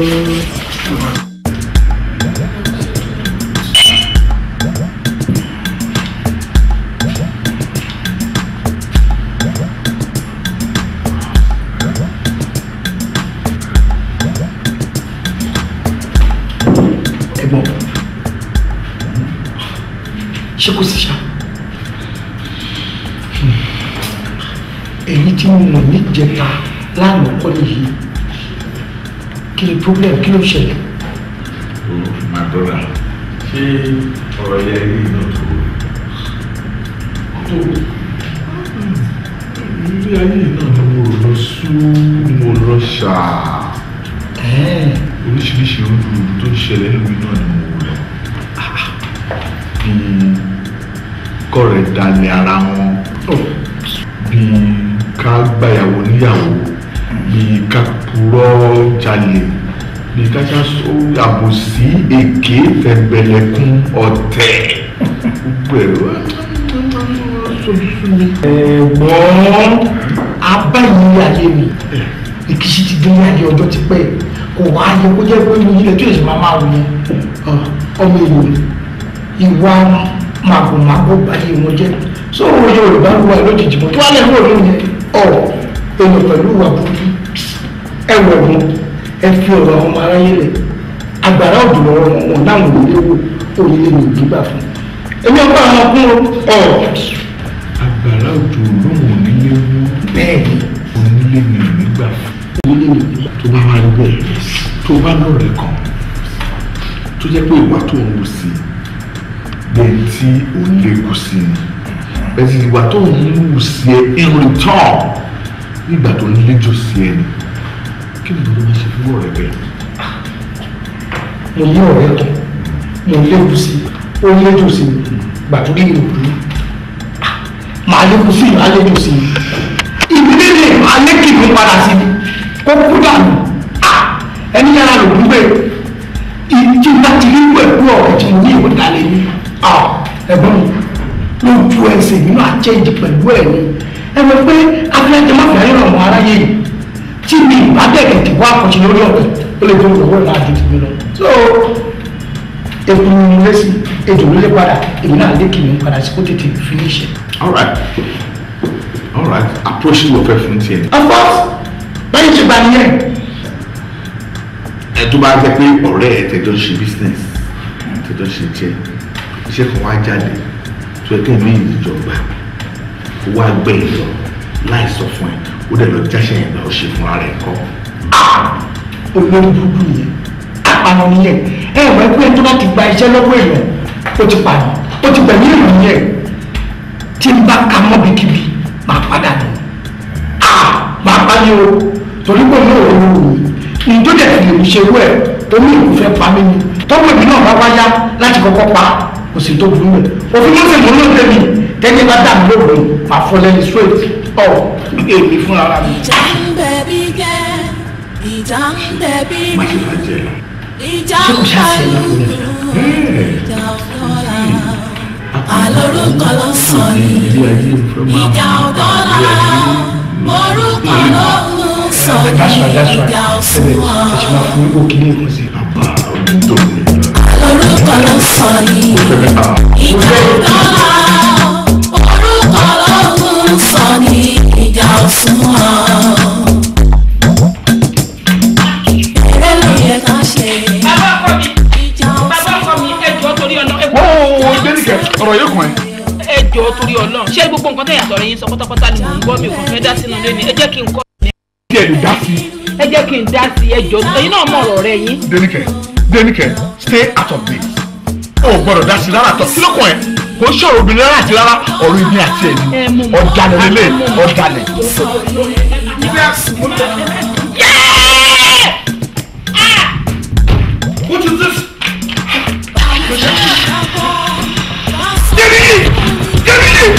problem kí ló ṣẹlẹ̀. o máa dọ́là ṣé ọ̀rọ̀ yẹn rí iná tó tó ilé ayé náà ni mo lọ sú mo lọ ṣáà oríṣiríṣi ojú tó ń ṣẹlẹ̀ lórí náà ni mo wò lọ bíi kọ̀rẹ́ dalẹ̀ ara wọn bíi ká gbàyàwó níyàwó bíi ká purọ́ jalè nìtajà sọ àbòsí èké tẹ̀gbẹ̀lẹ̀kùn ọ̀tẹ̀ pẹ̀lú ẹ̀gbọ́n abáyé ayé mi èkìsí ti dé ní ayé ọjọ́ ti pẹ́ kò wá yẹ kó jẹ́ pé mo yílẹ̀ tó èsì máa wù ní ah. ọmọ èèwò ìwà màgòmágó báyìí wọn jẹ́ so owó yorùbá wà lójijì mo tó wà lẹ́nu òun yẹn ọ̀ èèyàn pẹ̀lú ìwà burúkú ẹ̀wẹ̀ wọn ẹ fi ọ̀rọ̀ àwọn ọmọ aráyé rẹ̀ agbára òdò lọ́rọ̀ wọn wọn láwọn òyìnlẹ̀ wò òyìnlẹ̀ mi ò gbígbà fún èmi ọgbà àwọn ọkùnrin ọ̀. agbára òdò lọ́wọ́ onílé wò bẹ́ẹ̀ onílé mi ò gbígbà fún. onílé mi tó bá wà lọ́wọ́ tó bá lọ́rẹ̀ kan tó jẹ́ pé ìwà tó ń wù sí bẹ́ẹ̀ tí ò lè wù sí ni bẹ́ẹ̀ tí ìwà tó ń wù sí ẹ irun tán nígbà tó ń léjò sí ẹ ni pé mo lé ọ̀rẹ́ kan mo léwu sí ó léjò sí gbàdúrí ìròkú màá léwu sí ìmọ̀ àlejò sí ìdílé lè máa lé kíkún padà sí kó kú dànù ẹni yára lò ń gbé ìdí láti rí pẹ̀lú ọ̀rọ̀ tí ní ìwé dalẹ̀ ní ẹ̀bùn lójú ẹsẹ̀ nínú àjẹ́ pẹ̀lú ẹ̀ ní ẹ mọ̀ pé abúlé jẹ́ máfìá yọ̀rọ̀ àwọn aráyé yìí tí mi ìbá bẹ̀rẹ̀ kí wá lórí ọ̀rẹ́ ó lè tó ìrọ̀wọ́ ìlà àjèjì mi lọ. so èkó mi lé sí èdè mi padà èmi náà lé kì mí padà sí kó tètè finish it. all right all right approach ló fẹ́ fún tiẹ̀. of course báyìí ṣe gbà nìyẹn. ẹ tó bá jẹ pé ọ̀rẹ́ ẹ tẹjọ ṣe business tẹjọ ṣe jẹ iṣẹ́ kan wá jáde tó ẹ tó mi ìjọba wá gbẹ̀yìn lọ láì sọ fún ẹ ó dẹ̀ lọ jáṣẹ́ yẹn lọ ṣe fún ara ẹ̀ kọ́. Ah! olórí burúkú yẹn apanilẹ̀ ẹ wọ ẹgbẹ́ tó bá ti gba iṣẹ́ lọ́wọ́ èèyàn ó ti pààyàn ó ti pẹ̀lú èèyàn yẹn tí n bá ka mọ́bikíbi máa padà nù ah! máa bá ní o torí pé mi ò rí o ìjọ dẹ̀ fi lè ṣe wẹ̀ omi ìlú fẹ́ pa mí ni tọ́gbọ̀n mi náà bá wáyá láti kọ́kọ́ pa kò sì tó burú rẹ̀ òfin mọ́sẹ̀ mọ́ náà tẹ̀ tẹ́ni bá dà mí lóògùn màá fọ́ lẹ́ni straight ọ̀ èmi fúnra rà mí. ìjà ń bẹ bí gẹ́ ìjà bí gẹ́ ìjà ló sọ ni ìjà ọ̀dọ́là orúkọ ló ń sọ ni ìjà òṣùwọ̀n alórúkọ ló sọ ni ìjà ọ̀dọ́là. súnmọ́ ọ̀rẹ́ ló yẹ ká ṣe. bàbá ọkọ mi bàbá ọkọ mi ẹjọ́ torí ọ̀nà. wọ́n gbẹ́nìkẹ́ ọ̀rọ̀ yóò kàn ẹ́ ni mò ń gbọ́ mi kò fẹ́ dá sínú lé ní ẹ stay out of this. Oh, gbọ́dọ̀ dá sí rárá tọ́ kí kò ṣòro obìnrin rárá àti rárá ọ̀rọ̀ ibi àti ẹ̀mí ọ̀dàlẹ̀ lélẹ̀ ọ̀dàlẹ̀. What this? Get in! Get in!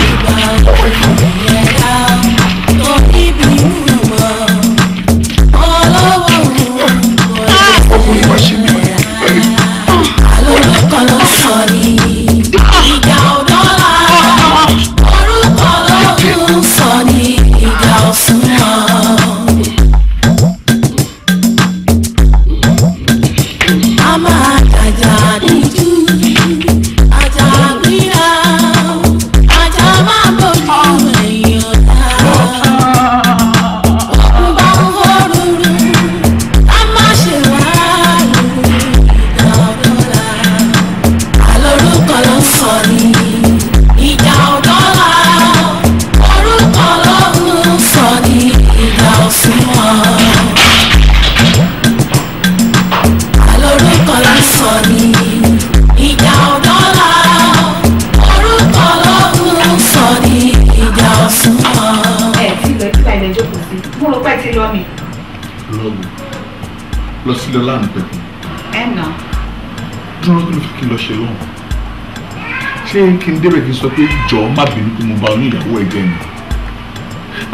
ṣé kí n débẹ̀ kí n sọ pé jọ̀ọ́ má bínú pé mo bá oníyàwó ẹgbẹ́ mi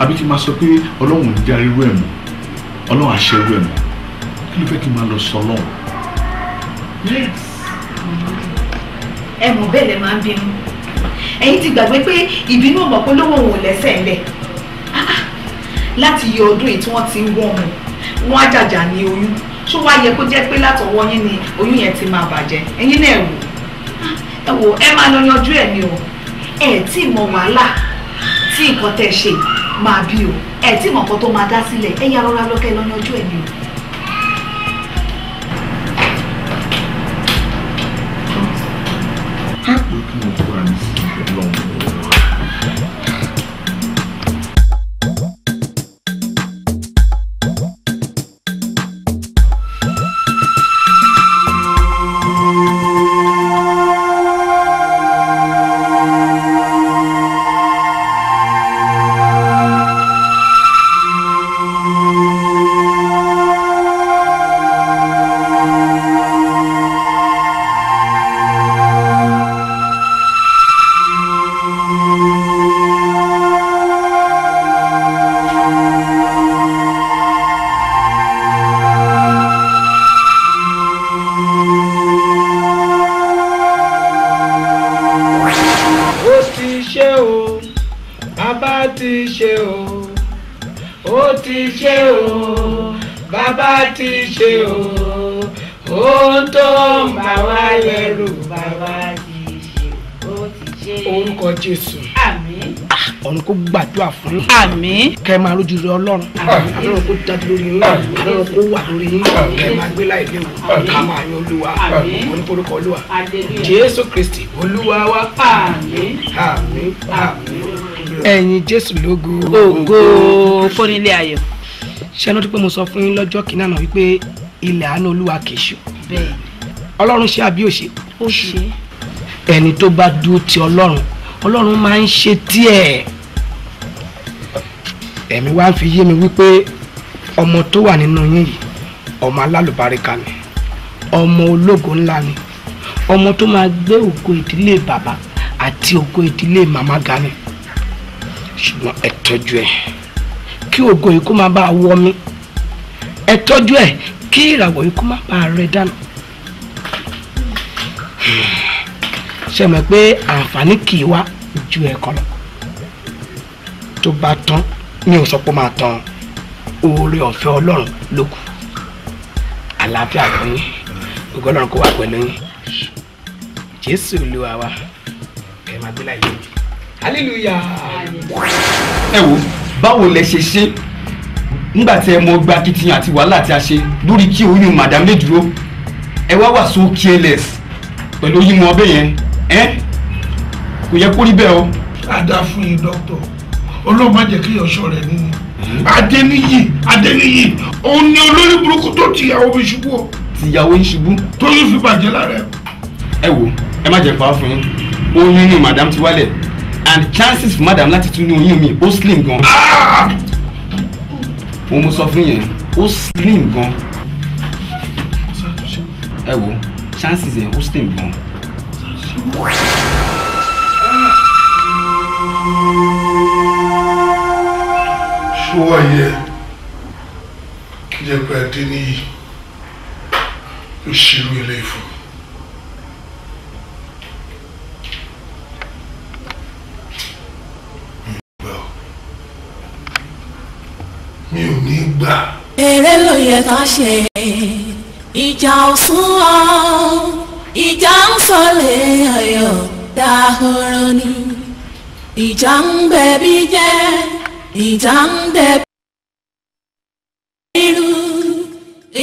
àbí kí n máa sọ pé ọlọ́run ò ní já irú ẹ̀ mọ́ ọlọ́run àṣẹ irú ẹ̀ mọ́ kí ló fẹ́ kí n máa lọ sọ ọlọ́run. ẹ mọ̀ bẹ́ẹ̀ lẹ máa ń bínú ẹ̀yin ti gbàgbé pé ìbínú ọmọ òun ò lẹ́sẹ̀ ńlẹ̀ ah, ah. láti yọ ọdún yìí tí wọ́n ti ń wọ́n mu wọ́n á jàjà ní oyún ṣó wá yẹ kó jẹ́ pé látọwọ́ yín ni oyún yẹn ti máa bàjẹ́ ẹ̀yin náà wò ẹ wò ẹ máa lọ yanjú ẹ ni o ẹ tí ì mọ wàhálà tí nǹkan tẹ ṣe máa bí o ẹ tí ì mọ nǹkan tó máa dá sílẹ̀ ẹ yà rọra lọkẹ lọ yanjú ẹ ni o. tá a bá ti ṣe o ohun tó ń bà wá lẹ́rù bà wá ti ṣe ó ti ṣe. orúkọ jésù. àmín. Ah, ọ̀run kó gbàdúrà fún yín. àmín. kẹ́ ẹ máa rójú rẹ ọlọ́run. ọlọ́run kó dájú lórí yín. ọlọ́run kó wà lórí yín. kẹ́ ẹ máa gbé láì léwu. ká máa yan olúwa. àmín. oníforúkọ olúwa. jésù kristi olúwa wa. ẹ̀yin jésù lógo. ògo fúnilé ayọ̀ ṣé ló ti pé mo sọ fún yín lọ́jọ́ kìíní àná wípé ilẹ̀ àánú olúwa kìí ṣù. bẹ́ẹ̀ ọlọ́run ṣe àbí òṣè. ó ṣe. ẹni tó bá dúró ti ọlọ́run ọlọ́run máa ń ṣe tiẹ̀. ẹ̀mí wá ń fi yé mi wípé ọmọ tó wà nínú yín yìí ọmọ alálùbáríkà ni ọmọ ológo ńlá ni ọmọ tó máa gbé ògo ìdílé bàbá àti ògo ìdílé màmá ga ni ṣùgbọ́n ẹ tọ́jú ẹ kí ògo yìí kó má bàa wọ mi ẹ tọ́jú ẹ kí ìràwọ̀ yìí kó má bàa rẹ dànù ṣe mọ̀ pé àǹfààní kì í wá ju ẹ̀kọ́ lọ tó bá tán mi ò sọ pé máa tán oore ọ̀fẹ́ ọlọ́run ló kù àlàáfíà fún yín ògo ọlọ́run kó wà pẹ̀lú yín jésù olúwa wa ẹ máa gbé láyé hallelujah. ẹ wo báwo lẹ ṣe ṣe nígbà tí ẹ mọ gba akitiyan àti wàhálà tí a ṣe lórí kí oyún madam lè dúró ẹ wá wà so careless pẹ̀lú oyún wọn ọbẹ̀ yẹn ẹ kò yẹ kó rí bẹ́ẹ̀ o. dáadáa fún yín dókítà ọlọ́run má jẹ́ kí ọ̀ṣọ́ rẹ̀ nínú adẹniyi adẹniyi òun ni olórí burúkú tó tìyàwó mi ṣubú o. tìyàwó ń ṣubú. tó yóò fi bàjẹ́ lára ẹ. ẹ wo ẹ má jẹ fàá fún yín oyún inú madam ti wálẹ̀ and chances for madam láti tún ní oyún mi O slim gan. mo mo sọ fún yẹn ó slim gan. ẹ chances yẹn O slim gan. ṣùwọ́ yẹ jẹ́ pé adé ní ìṣirò ilé ìfowópamọ́. gbà. èrè ló yẹ ká ṣe ìjà ọ̀sùn ọ̀ ìjà ń sọlẹ̀ ọ̀yọ̀ dahoro ni ìjà ń bẹ̀bí jẹ́ ìjà ń dẹ̀bí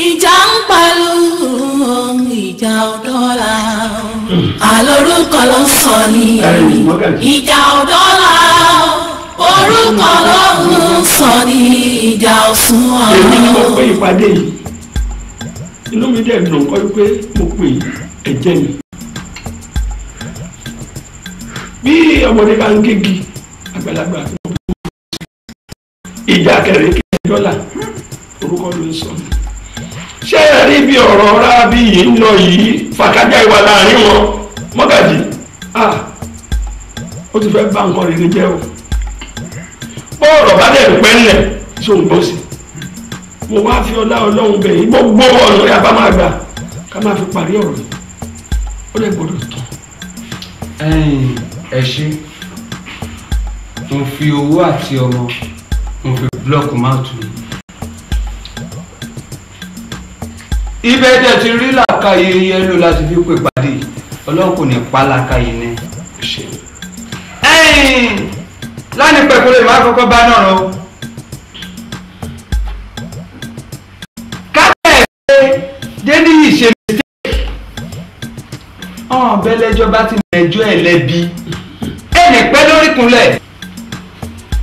ìjà ń palu ìjà ọ̀dọ́la hmm. àlórúkọ ló sọ ni ìjà ọ̀dọ́la orúkọ ọlọ́run sọ ní ìjà ọ̀sùn ọ̀run. èmi mọ̀ pé ìpàdé yìí inú mi dẹ̀ dùn kọ́ pé mo pè ẹ̀jẹ̀ mi. bí ọmọdé bá ń gégi àgbàlagbà ìjà kẹrìnkẹ dọ́là orúkọ ló ń sọ mi. ṣé ẹ rí bí ọ̀rọ̀ rábì yìí ń lọ yìí fàkájà ìwà láàrin wọn mọ́gàjì ah, ó ti fẹ́ bá nǹkan rere jẹ́ o bọ́ọ̀lù bá dẹ̀ pẹ́ ńlẹ̀ sóhun bó sì mo wá fi ọlá ọlọ́run bẹ̀ yìí gbogbo ọ̀nà rẹ̀ àbá máa gbà ká máa fi parí ọ̀rọ̀ yìí ó lè gbọdọ̀ tán. ẹ ṣe mo fi owó àti ọmọ mo fi búlọ́ọ̀kù máàtù mi. ibẹ̀ dẹ̀ ti rí làkàyè yẹn ló láti fi pè pàdé ọlọ́run kò ní pa làkàyè ni. ẹ̀yìn lánìí pẹ̀kúrò ìwà àkọ́kọ́ bá náà lọ. kábẹ́ẹ̀ pé dédé yìí ṣe mistake ọ̀hún bẹ́lẹ́jọ́ bá ti mẹ́jọ́ ẹ̀ lẹ́bi ẹnì pẹ́ lórí kúnlẹ̀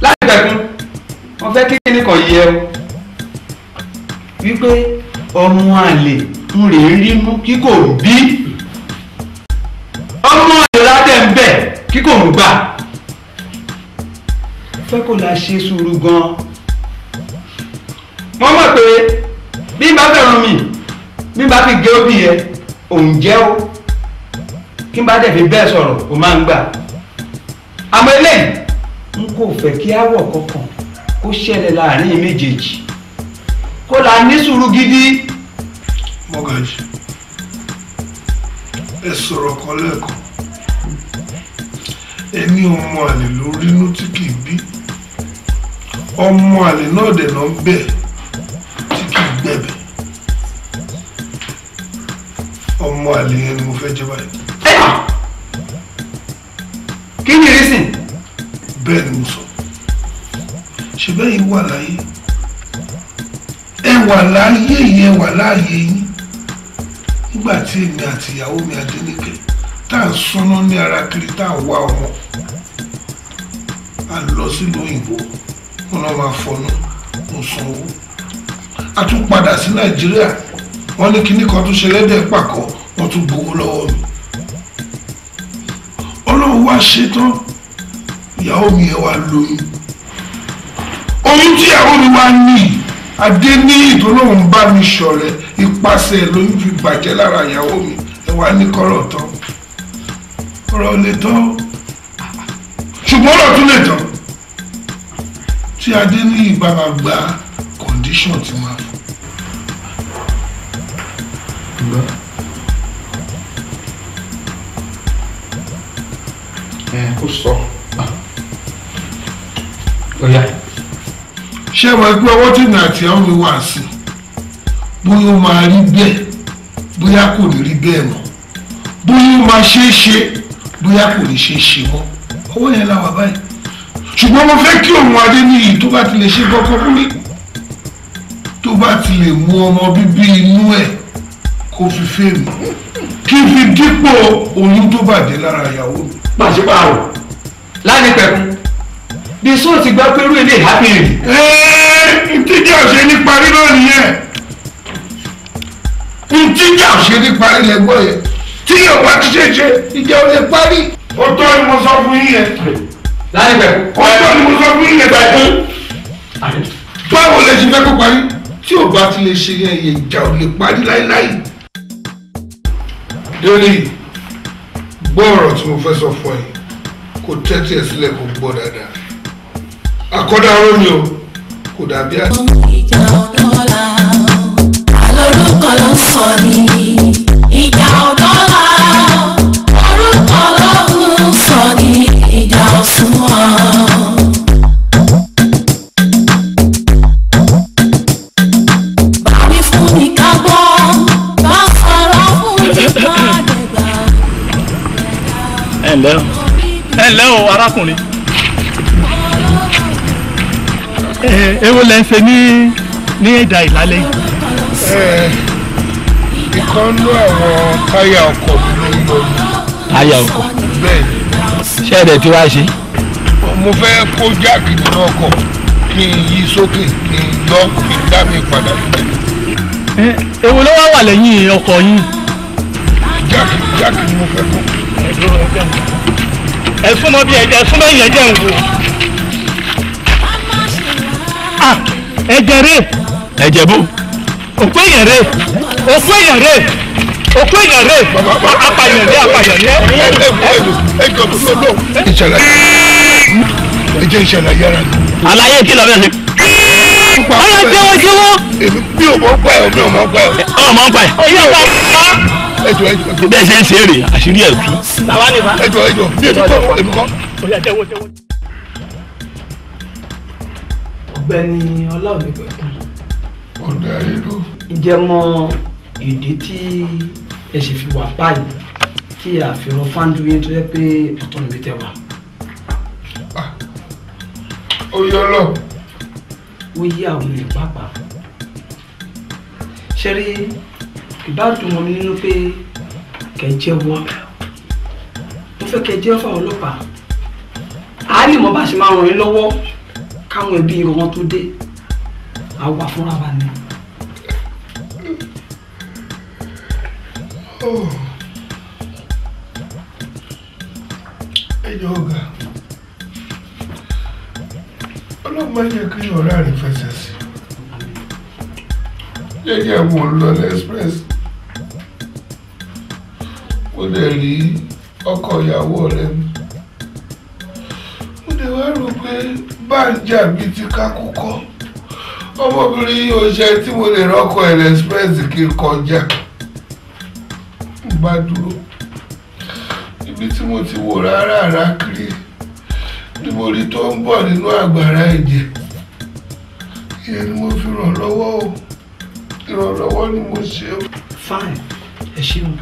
lánìí pẹ̀kún wọ́n fẹ́ kí kíní kan yẹ o wípé ọmọ àlè ń rè é rí mú kí kò bí ọmọ àlè látẹ̀ ń bẹ̀ kí kò ń gbà fẹ́ kó la ṣe sùúrù gan-an mo mọ̀ pé bí bá fẹ́ràn mi bí bá fi gé obì yẹn òun jẹ́ ó kí n bá dẹ̀ fi bẹ́ẹ̀ sọ̀rọ̀ ó máa ń gbà àmọ́ eléyìí n kò fẹ́ kí áwọ̀ kankan kó ṣẹlẹ̀ láàrin méjèèjì kó la ní sùúrù gidi. mọ́gàjì ẹ sọ̀rọ̀ kan lẹ́ẹ̀kan ẹni ọmọ àlè ló rínú tí kì í bí ọmọ àlè náà dẹ̀ lọ bẹ̀ tí kì í gbẹ̀bẹ̀ ọmọ àlè yẹn ni mo fẹ́ jẹ báyìí. kí ni reason. bẹ́ẹ̀ ni mo sọ ṣe bẹ́ẹ̀ yìí wà láyé ẹ wà láyé yìí ẹ wà láàyè yín nígbà tí èmi àti ìyàwó mi Adéníkẹ́ tá à ń ní ara kiri tá à wá ọmọ a lọ sílùú òyìnbó mo lọ máa fọnú mo san owó a tún padà sí nàìjíríà wọ́n ní kinní kan tún ṣe lẹ́dẹ̀ẹ́ pàkọ́ wọ́n tún gbowó lọ́wọ́ mi ọlọ́run wá ṣetán ìyàwó mi yẹn wá lóyún oyún tí ìyàwó mi wá ní adé ní ìtọ́lọ́run bá mi ṣọ̀rẹ́ ipasẹ̀ lóyún fi bàjẹ́ lára ìyàwó mi ẹ wá ní kọ́rọ̀ tán ọ̀rọ̀ lè tán ṣùgbọ́n ọ̀rọ̀ tún lè tán tí adé ní ìbára gba condition ti máa fún. Gbọ́. Ẹ kò sọ. Ọ̀yà. Ṣé wàá gbé ọwọ́ tí ìrìn àti àwọn mi wà sí? Bóyá ó máa rí bẹ́ẹ̀, bóyá kò ní rí bẹ́ẹ̀ mọ́. Bóyá ó máa ṣeé ṣe, bóyá kò ní ṣeé ṣe mọ́. Ọwọ́ yẹn la báyìí ṣùgbọ́n mo fẹ́ kí òun adé níyì tó bá ti lè ṣe kọ́kọ́ fún mi tó bá ti lè mú ọmọ bíbí inú ẹ̀ kó fi fèmí kí n fi dípò oyún tó bàjẹ́ lára ìyàwó mi. pàṣípààrọ̀ láàrin pẹ̀kún bí sọ́ọ̀ ti gbá pẹ̀lú ilé ìhápìrì. ẹ̀ẹ́ ìtìjà ṣe ní parí náà nìyẹn ìtìjà ṣe ní parí lẹ́gbọ́n yẹn tí yorùbá ti ṣe ṣe ìjà ò lè parí. ó tọ́ ni mo sọ fún yín yẹn láyé bẹ̀rù. ọjọ́ ni mo sọ fún ilẹ̀ bàjẹ́. báwo lè ṣe fẹ́ kó parí tí ò bá ti lè ṣe yẹn ìjà ò lè parí láéláé. délé gbọ́ ọ̀rọ̀ tí mo fẹ́ sọ fún ẹ kò tẹ́tí ẹ sílẹ̀ kó gbọ́ dáadáa. àkọ́dá aró o kò dàbí àti. ìjà ọ̀dọ́la alórúkọ ló sọ ni ìjà ọ̀dọ́la. ẹ̀lẹ́ o ẹ̀lẹ́ o arákùnrin. èwo lẹ ń ṣe ní ní ìdá ìlálẹ́ yìí. ìkànnú àwọn táyà ọkọ̀ ló ń lọ. táyà ọkọ̀. bẹ́ẹ̀ ṣé ẹ̀rẹ̀ tí wàá ṣe. mo fẹ́ kó jáàkì nínú ọkọ̀ kí n yí sókè kí n yọ kí n dá mi padà sílẹ̀. èwo ló wá wà lẹ́yìn ọkọ̀ yìí. jáàkì jáàkì ni mo fẹ́ kọ́ ẹ súnmọ́ bí ẹja súnmọ́ ẹ̀yìn ẹja ń wò. ẹ̀jẹ̀ rè. ẹ̀jẹ̀ bò. òkú èèyàn rè òkú èèyàn rè òkú èèyàn rè apàyàn rè apàyàn rè. ìṣẹ̀lẹ̀ ìjẹ́ ìṣẹ̀lẹ̀ yára ni. àlàyé kí lọ bẹ́ẹ̀ ni. ọ̀rọ̀ jẹ́wọ́ jẹ́wọ́. mi ò mọ̀ ń pa ẹ̀ mi ò mọ̀ ń pa ẹ̀. ọ̀ mọ̀ ń pa ẹ̀ bẹ́ẹ̀ ṣe ń ṣe èrè àṣírí ẹ̀ tú. ẹjọ ẹjọ bí èmi kọ́ èmi kọ́. ọ̀gbẹ́ni ọláòní pẹ̀lú. ọ̀dà ìlú. ǹjẹ́ mọ ìdí tí ẹ ṣe fi wà báyìí kí àfihàn fáńdù yín tó yẹ pé ọ̀tọ̀ níbi tẹ wà. ó yọ lọ. ó yí àwọn èèyàn pàápàá. ṣe rí ìbádùn wọn nínú pé kẹ́ jẹ́wọ́ mo fẹ́ kẹ́ jẹ́wọ́ fáwọn ọlọ́pàá àálì mọ́ bá ṣe máa ràn yín lọ́wọ́ káwọn ẹbí wọn tó dé àwa fúnra wa ni. ẹ jọ ọ̀gá ọlọ́mọ yẹ kí ọ̀rá rẹ̀ fẹsẹ̀ sí lẹ́yìn àwọn olùlọ́lẹ̀ express mo dẹ̀ rí ọkọ ìyàwó rẹ̀ mi mo dẹ̀ wá rò pé báńjà mi ti ká kúkọ́ ọmọbìnrin yìí tí mo lè rọ́kọ̀ ẹ̀ kí n kọjá mo bá dúró ibi tí mo ti wò rárá rárá kiri ni mo rí tó ń bọ̀ nínú àgbàrá ẹ̀jẹ̀ ìyẹn ni mo fi ràn lọ́wọ́ o ìrànlọ́wọ́ ni mo ṣe. fine ẹ ṣeun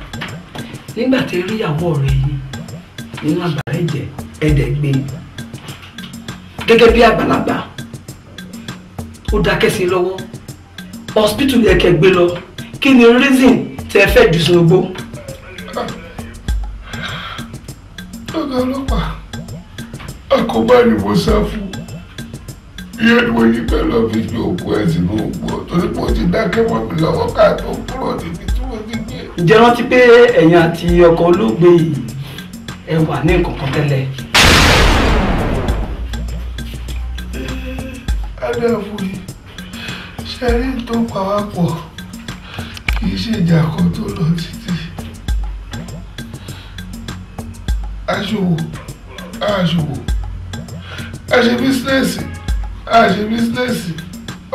nígbà tí rí ìyàwó rẹ yìí nínú àgbàrá ẹ̀jẹ̀ ẹ̀dẹ̀ gbé gẹ́gẹ́ bí àgbàlagbà ó dákẹ́ sí lọ́wọ́ hospital yẹ kẹ́ gbé lọ kí ni reason tẹ́ fẹ́ jù gbó. ọ̀gá ọlọ́pàá àkọ́bá ni mo sá fún iye ni mo yí pẹ́ lọ́ọ́ fi ju òkú ẹ̀ sínú òkú ọ̀ torí mo ti dákẹ́ mọ́ mi lọ́wọ́ káàtó kúrò níbi ǹjẹ́ rántí pé ẹ̀yin àti ọkọ olóògbé yìí ẹ wà ní nǹkankan tẹ́lẹ̀. adáfúri ṣẹ́rí tó pa wá pọ̀ kì í ṣèjà kan tó lọ títí aṣòwò aṣòwò a bísínẹ́sì a bísínẹ́sì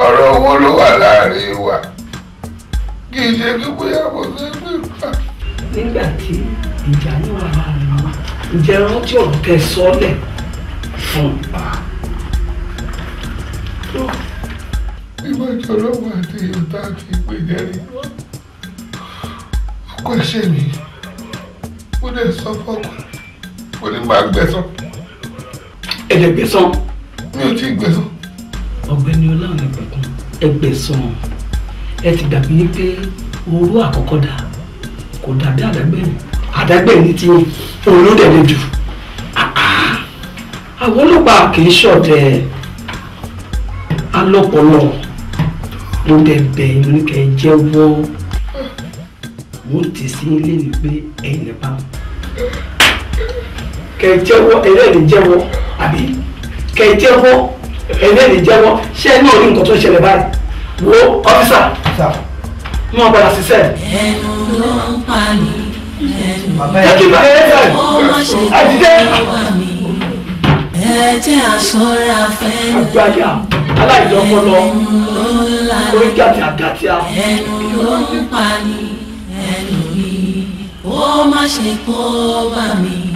ọ̀rọ̀ owó ló wà láàrin wa kì í ṣe kí bóyá mo ṣe é bí ìgbà. nígbà tí ìjà ní wà láàrin wa ǹjẹ́ rántí ọ̀rọ̀ tẹ sọ́lẹ̀ fún wa. nígbà tí ọlọ́run àti ìyọ̀tá ti pè jẹ́rìí ọkọ̀ ṣe mi ó dẹ̀ sọ fọ́kọ̀ ó ní máa gbẹ̀sán. ẹ̀jẹ̀ gbẹ̀sán. mi ò tí ì gbẹ̀sán. ọ̀gbẹ́ni ọlọ́run ẹgbẹ̀kan ẹgbẹ̀sán ẹ ti gbàgbé pé orú àkọ́kọ́ dà kò dàbí àdágbẹ̀rì àdágbẹ̀rì tí òun ló dẹ̀ jù àwọn ọlọ́pàá kì í ṣọ̀tẹ̀ alọ́pọ̀lọ́ ló dẹ̀ bẹ̀yìn oníkẹ́ jẹ́wọ́ wọ́n ti sí ilé ni pé ẹ̀yìn lè bá wọn. kẹ jẹ́wọ́ ẹlẹ́rìí jẹ́wọ́ àbí kẹ jẹ́wọ́ ẹlẹ́rìí jẹ́wọ́ ṣé ẹ náà rí nǹkan tó ṣẹlẹ̀ báyìí wo ọ́físà mo gbàdá ṣiṣẹ́. ẹnu ló ń pa mí ẹnu ló ń pa mí ẹ jẹ́ àṣọra fẹ́ẹ́. àgbáyà aláìlọ́pọlọ orí gàtí àgàtíà. ẹnu ló ń pa mí ẹnu mi ó má ṣe kó bá mi.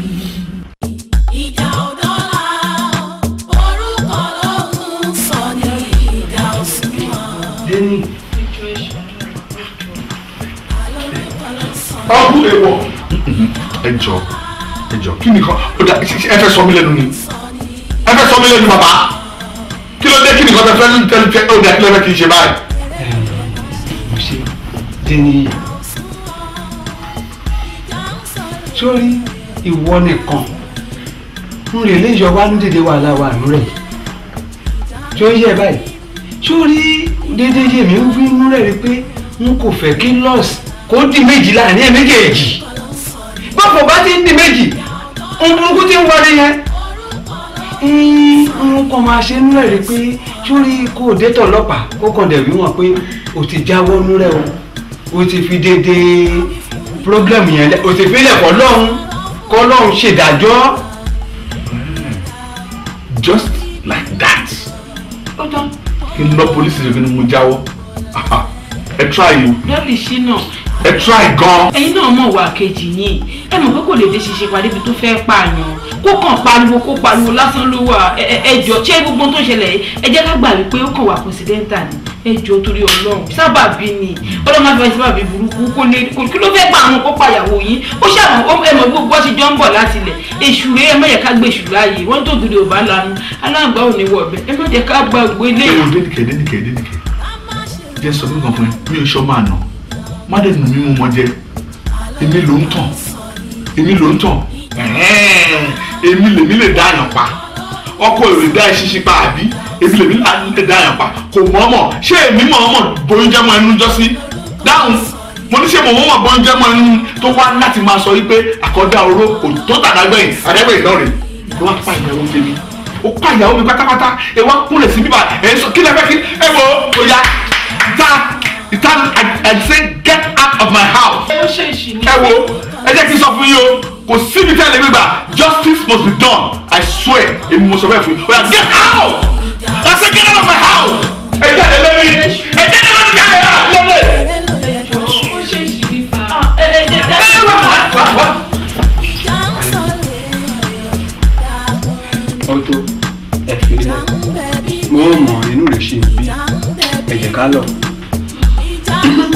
ọkú èèwọ̀. ẹ jọ ẹ jọ kí nìkan ẹ fẹ́ sọ mí lẹ́nu ni ẹ fẹ́ sọ mí lẹ́nu bàbá kí ló dé kí nìkan fẹ́ tẹ́lẹ̀ fẹ́ ó dà kí ló fẹ́ kí n ṣe báyìí. mo ṣe dín ní sórí ìwọ nìkan n lè lè yọ wá ní dèdè wàhálà wà nù rẹ tí ó yẹ báyìí sórí déédéé yèmí ń fi nú rẹ rí pé n kò fẹ́ kí lọ́ọ̀sì kò di méjì láàrin ẹ̀ méjèèjì bọ́pọ̀ bá ti ń di méjì nkúnkú ti ń wọlé yẹn nǹkan máa ṣe ń rẹ̀ rí pé sórí kó o dé tọ̀lọ́pàá ó kàn dẹ̀ wíwọ̀n pé o ti jáwọ́ núrẹ́ o o ti fi déédéé program yẹn o ti fi lẹ̀kọ́ lọ́hún kọ́ lọ́hún ṣèdájọ́ just like that kí n lọ polisi rẹ̀ kí ni mo jáwọ́ ẹ tíráyé. lọ́ọ̀lì ṣínà ẹ try gan. ẹ̀yin náà mọ̀ wà kejì yìí ẹ mọ̀ pé kò lè dé ṣiṣẹ́ pàdé ibi tó fẹ́ pààyàn kó kàn pariwo kó pariwo lásán ló wà ẹjọ́ ṣé gbogbo tó ń ṣẹlẹ̀ ẹ jẹ́ ká gbà wípé ó kàn wà pọ̀sidẹ́ntà ni ẹjọ́ torí ọlọ́run sábàbí ni ọlọ́run àfẹ́ sábàbí burúkú kò lè kí ló fẹ́ pa àwọn kó pa ìyàwó yín ó ṣàwọn ẹmọ gbogbo ṣe jọ ń bọ̀ láti ilẹ̀ èṣù rẹ ẹ má yẹ ká gbé èṣù láàyè wọ́n tó dúró ọba lanu aláǹgbá ò ní wọ̀bẹ ẹ má yẹ ká gbàgbé lé. ẹ wò dénìkẹ́ dénìkẹ́ dénìkẹ́ jẹ́ sọ fún kankan mi ò ṣọ́ máa nà má dẹ̀ nù mí mú mọ jẹ èmi ló ń tàn èmi ló ń tàn èmi lèmi lè dá pa ọkọ èrè dá ìṣiṣi pa àbí èmi lèmi lè dá àyàn pa kò mọ̀ọ́mọ̀ ṣé èmi mọ̀ọ́mọ̀ bóyún jẹ́ mọ́ ẹnu jọ dáhùn mo ní ṣe mọ̀ mọ́mọ́ bọ́n jẹ́ mọ́ ẹnu tó wá láti máa sọ wípé àkọ́dá oró kò tó tàdágbẹ̀yìn àdágbẹ̀yìn náà rè ló wá pa ìyàwó tèmi ó pa ìyàwó mi pátápátá ẹ wá kúnlẹ̀ sí bíbá ẹ sọ kí lẹ fẹ́ kí ẹ wo ó yá dáa it's time I, I say get out of my house. ẹ wo ẹ jẹ́ kí n sọ fún yín o kò síbi tí a lè justice must be done I swear èmi mo sọ bẹ́ẹ̀ fún yín oya get out I say get out of my house. ẹ jẹ́ ẹ lẹ́mí ẹ jẹ́ ẹ lọ́dún yàrá yàrá lọ́lẹ̀. ẹ ah, eh, eh, eh, wá wá wá. ọ̀tọ̀ ẹ fi lẹ mo mọ inú rẹ ṣe bí ẹ jẹ́ ká lọ ọ̀gá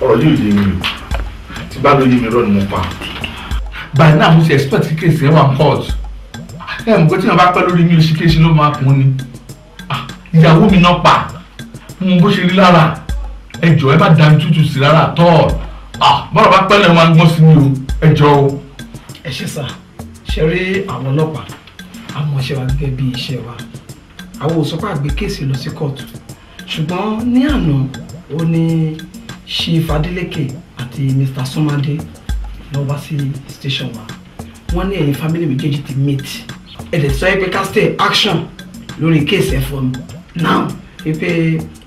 ọ̀rọ̀ yóò yé mi tí bá ló yé mi rọ́ ni mo pa by now mo ti expect kí kéèsì ẹ̀ wà court ẹ̀ mọ̀ pé tí wọ́n bá pẹ́ lórí mi ò sí kéèsì ló máa kún ni ah, ìyàwó mi náà pa mo bó ṣe rí lára ẹ jọ̀ọ́ ẹ bá dá mi tútù sí lára tọ́ọ̀ ah, bọ́lá bá pẹ́ lẹ́wọ̀n agbọ́n sí mi o ẹ jọ̀ọ́ o. ẹ ṣe sáà ṣe rí àwọn ọlọ́pàá amọ̀ṣẹ́ wa gẹ́gẹ́ bí iṣẹ́ wa àwọn òsọpá gbé kéèsì lọ sí kóòtù ṣùgbọ́n ní àná ó ní chief adeleke àti mr sumade lọ wá sí station wa wọ́n ní ẹ̀yin family méjèèjì ti meet ẹ̀dẹ̀ sọ pé ká action lórí kéèsì ẹ̀fọ́ mi now pé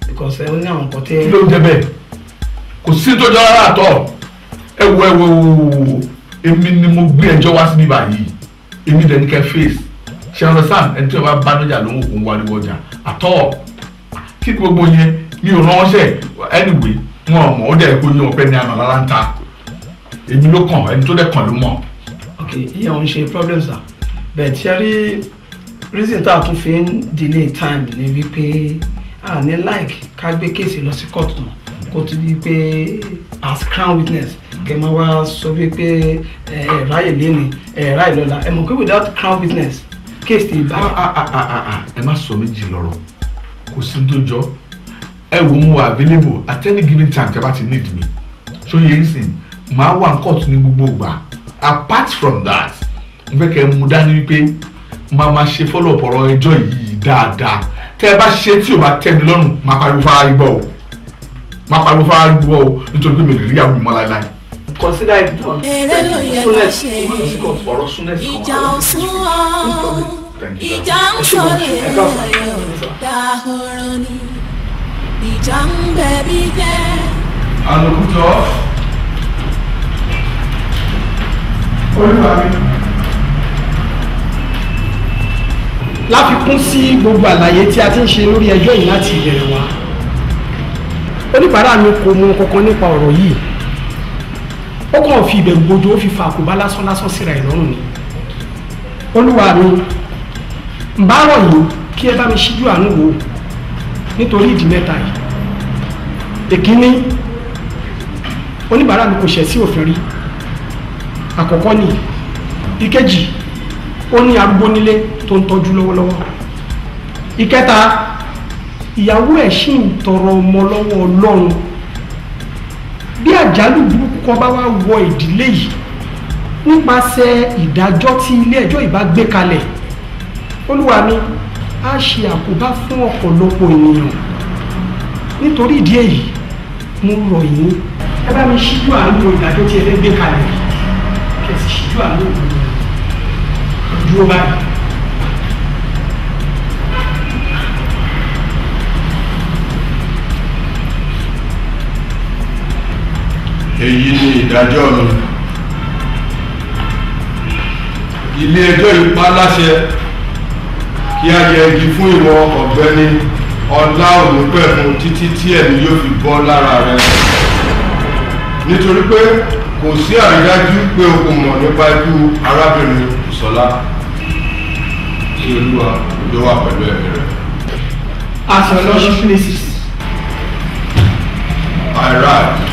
because ó ní àwọn nǹkan tẹ́. kí ló kò sí tó jọ rárá àtọ̀ ẹ wo ẹ wo èmi ni mo gbé ẹjọ́ wá síbí báyìí èmi dẹ̀ ní kẹ́ face ṣe understand ẹni tí wọ́n bá bá lọ́jà ló ń wò kó ń wariwo ọjà àtọ́ kí gbogbo yẹn mi ò ránṣẹ́ anyway wọn ò mọ̀ ó dẹ̀ kó yín ọ̀pẹ ní àná rárá ń ta ló kàn ẹni tó kàn ló mọ̀. ok ìyẹn ò ṣe problem sir bẹ́ẹ̀ tí reason tá a fi delay time ni wípé a ní like ká gbé kéèsì lọ sí kóòtù náà kó tó di pé as crown witness kẹ máa wá sọ wípé ẹ̀ẹ́dá yìí léni ẹ̀ẹ́dá yìí lọ́la ẹ mọ̀ pé without crown witness case ti bá. Ah, ah, ah, ẹ má sọ méjì lọ́rọ̀ kò sí tó jọ ẹ wò mú wa available at any given time tí a bá ti need me so yẹn sìn máa wà ń kọ́ọ̀tù ní gbogbo ìgbà apart from that n fẹ́ kẹ́ ẹ mú dání wípé máa máa ṣe follow up ọ̀rọ̀ ẹjọ́ yìí dáadáa tẹ́ ẹ bá ṣe tí o bá tẹ́ mi lọ́rùn máa pariwo fara ibọ̀ o máa pariwo fún arúgbó o nítorí pé mi lè rí àwọn ìmọ̀ láíláí. consider it done. Sunet. ló yẹ ká ṣe ìjà ọ̀sán ìjà ń sọ̀rọ̀ dahoro ni ìjà ń bẹ̀bí jẹ́. àlòkùtọ̀ olúwa mi. láfikún sí gbogbo àlàyé tí a ti ń ṣe lórí ẹjọ́ yìí láti ìbẹ̀rẹ̀ wá oníbàárà mi kò mọ kankan nípa ọ̀rọ̀ yìí ó kàn fi ìbẹ̀rù bojo ó fi fa àkóbá lásán lásán síra ẹ̀ lọ́rùn ni olúwa mi ń bá rọ̀ yìí kí ẹ bá mi ṣíjú àánú wò nítorí ìdí mẹ́ta yìí èkíní oníbàárà mi kò ṣẹ̀ sí òfin rí àkọ́kọ́ ni ìkejì ó ní arúgbó nílé tó ń tọ́jú lọ́wọ́lọ́wọ́ ìkẹta ìyàwó ẹ̀ ṣì ń tọrọ ọmọ lọ́wọ́ ọlọ́run bí àjálù burúkú kan bá wá wọ ìdílé yìí nípasẹ̀ ìdájọ́ tí ilé ẹjọ́ ìbá gbé kalẹ̀ olúwa mi á ṣe àkóbá fún ọ̀pọ̀lọpọ̀ ènìyàn nítorí ìdí èyí mo rọ̀ yín ẹ bá mi ṣíjú àánú ìdájọ́ tí ẹ fẹ́ gbé kalẹ̀ kẹsì ṣíjú àánú ìdúró báyìí. èyí ni ìdájọ́ mi ilé ẹjọ́ ìpa láṣẹ kí a yẹ igi fún ìwọ ọ̀gbẹ́ni ọlá olùpẹ̀fún títí tí ẹ̀mí yóò fi bọ́ lára rẹ nítorí pé kò sí àrídájú pé o kò mọ̀ nípa ikú arábìnrin ìsọlá kí olúwa ló wà pẹ̀lú ẹ̀mí rẹ. as your lordship pleases. I ride.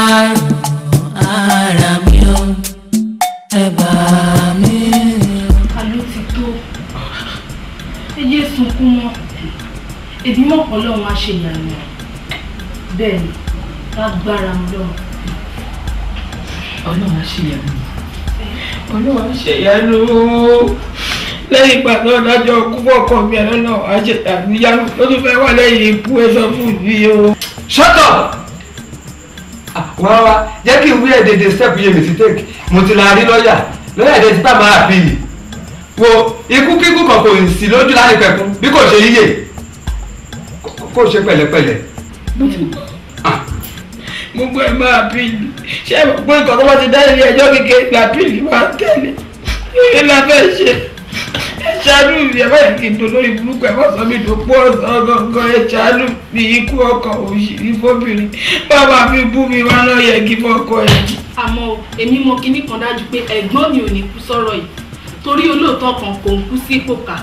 ara mi o ẹ bá mi. àló ti tó ẹ yé sunkún mọ́ èmi mọ̀ pọ̀ lọ́run á ṣe ìyànà bẹ́ẹ̀ ni lágbára mi lọ́run. ọlọ́run á ṣe ìyànà ọlọ́run á ṣe ìyànà lẹ́yìn ìgbà náà lájọ kúbọ̀ kan mi ẹ̀rọ náà á ṣe ìyànà ló tún fẹ́ wà lẹ́yìn ikú ẹ sọ fún mi o. shut up wọ́n wá jẹ́ kí n wí ẹ̀dẹ̀dẹ̀ step yé mistake mo ti la rí lọ́ọ̀yà lọ́ọ̀yà ẹ̀dẹ̀ ti bá máa fi yìí wo ikú kíkú kan kò sí lójú láti pẹ̀kún bí kò ṣe yíyè kò ṣe pẹ̀lẹ́pẹ̀lẹ́. Ah. gbogbo ẹ̀ máa bí i ṣé gbogbo nǹkan tó bá ti dá ilé ẹjọ́ kékeré gbà bí i máa tẹ̀lé kí ni la fẹ́ ṣe ṣàánú mi ẹ bá ti tó lórí burúkú ẹ bá sọ mi tó pọ̀ ọ̀gọ̀ngàn ẹ ṣàánú mi ikú ọkọ̀ òṣèré fóbìnrin bàbá mi bú mi wá náà yẹ kí fọ́kọ ẹ jì. àmọ́ èmi mọ kinní kan dájú pé ẹ̀gbọ́n mi ò ní kú sọ̀rọ̀ yìí torí olóòótọ́ kan kò ń kú sí kòkà.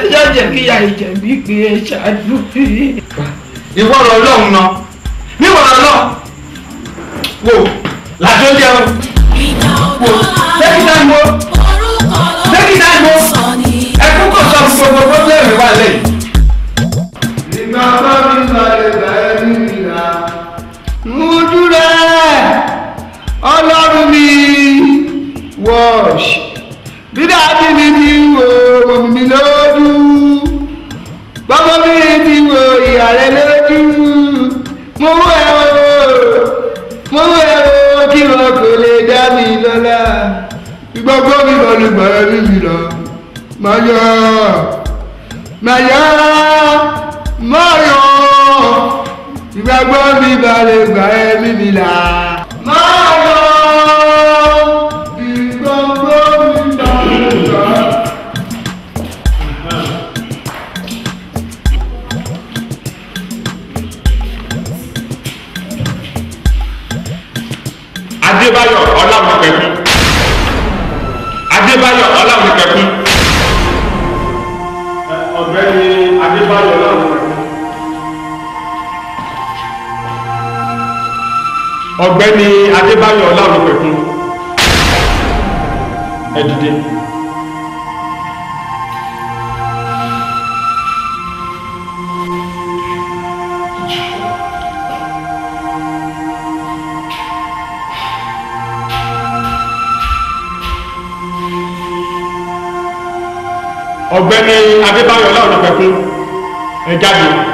ẹ ṣáà jẹ́ kí ìyá ìjẹ̀bí pé ẹ ṣàánú mi. ìwọ lọ lọ́hùn náà níwọ̀n lọ lọ wò lájọ́ jẹun wò lẹ́yìn náà mo anytime o ẹkún kò sọ gbogbo gbogbo ẹ̀rìn wà lẹ́yìn. Bali bali bila Maya Maya Maya Ìgbàgbọ́ mi balẹ̀ gbà ẹ́ mímìlá. ọ̀gbẹ́ni adébáyọ̀ ọlámìpẹ̀kun ẹ dìde. ọ̀gbẹ́ni adébáyọ̀ ọlámìpẹ̀kun ẹ jáde.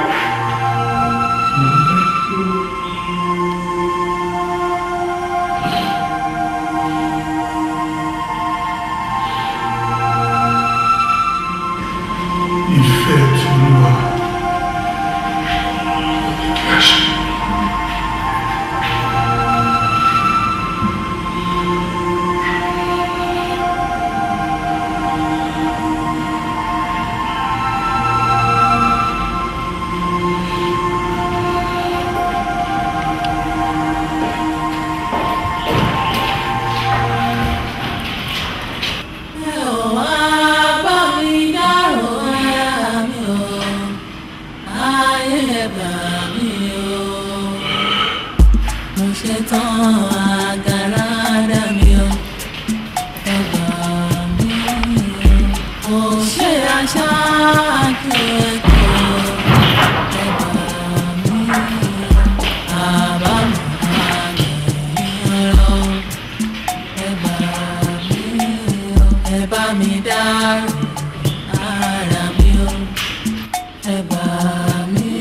mi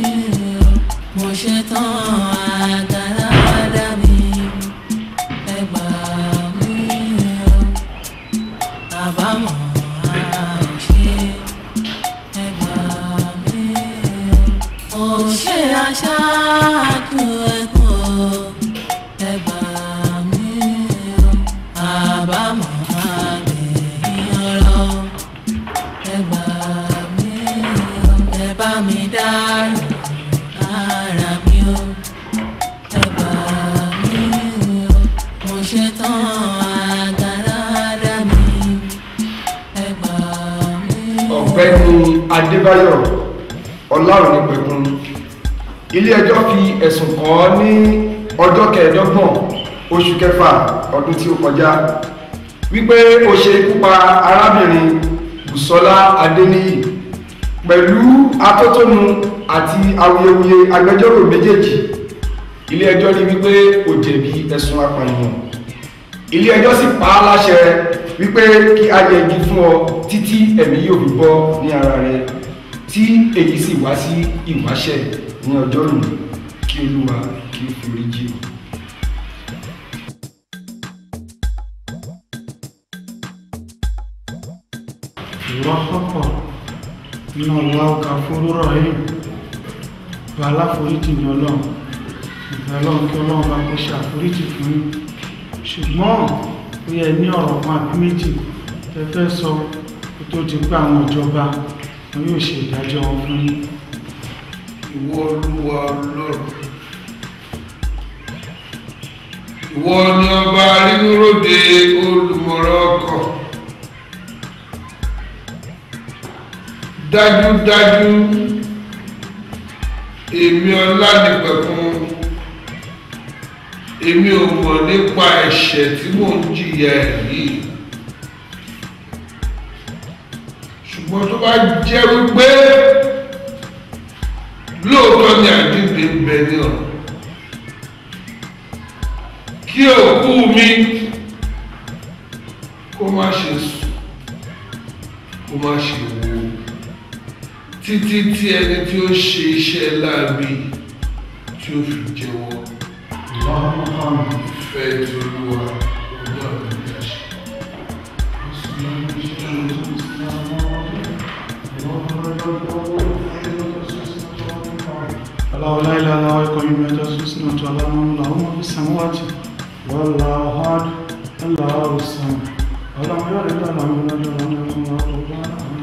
mo ṣe kẹẹ̀ẹ́dọ́gbọ̀n oṣù kẹfà ọdún tí ó kọjá wípé ó ṣe ikú pa arábìnrin Bùsọ́lá Adéníyì pẹ̀lú atótónu àti awuyewuye agbẹjọ́rò méjèèjì ilé ẹjọ́ ní wípé kò jẹ̀bi ẹ̀sùn apànìyàn ilé ẹjọ́ sì pa á láṣẹ wípé kí a jẹ igi fún ọ títí ẹ̀mí yóò fi bọ́ ní ara rẹ tí èyí sì wá sí ìwáṣẹ̀ ní ọjọ́ òní kí olúwa kí ó forí jì ọ́. haqqan inna Allahu ghafurur rahim bá aláforíjì ní ọlọ́run ìgbà ọlọ́run kí ọlọ́run bá kó ṣe àforíjì fún yín ṣùgbọ́n ó yẹ ní ọ̀rọ̀ kan àbí méjì tẹ́fẹ́ sọ kó tó di pé àwọn ìjọba wọn yóò ṣe ìdájọ́ wọn fún yín. ìwọ olúwa ọlọ́run ìwọ ni ọba dájúdájú èmi Ọlánìpẹ̀kun èmi ò mọ̀ nípa ẹ̀ṣẹ̀ tí mò ń jìyà ẹ̀ yìí ṣùgbọ́n tó bá jẹ́ wípé lóòótọ́ ni àdìgbè ń bẹ ní ọ̀rọ̀ kí òkú mi kó má ṣe sùn kó má ṣe wù. títí tí ẹni tí ó ṣe iṣẹ́ láàbí tí ó fi jẹ́wọ́ ìfẹ́ tí olúwa ọjọ́ àbí àṣẹ. الله لا إله إلا هو القيوم لا تأخذه سنة ولا نوم له ما في السماوات والله أحد الله الصمد ولم يلد ولم يولد ولم يكن له كفوا أحد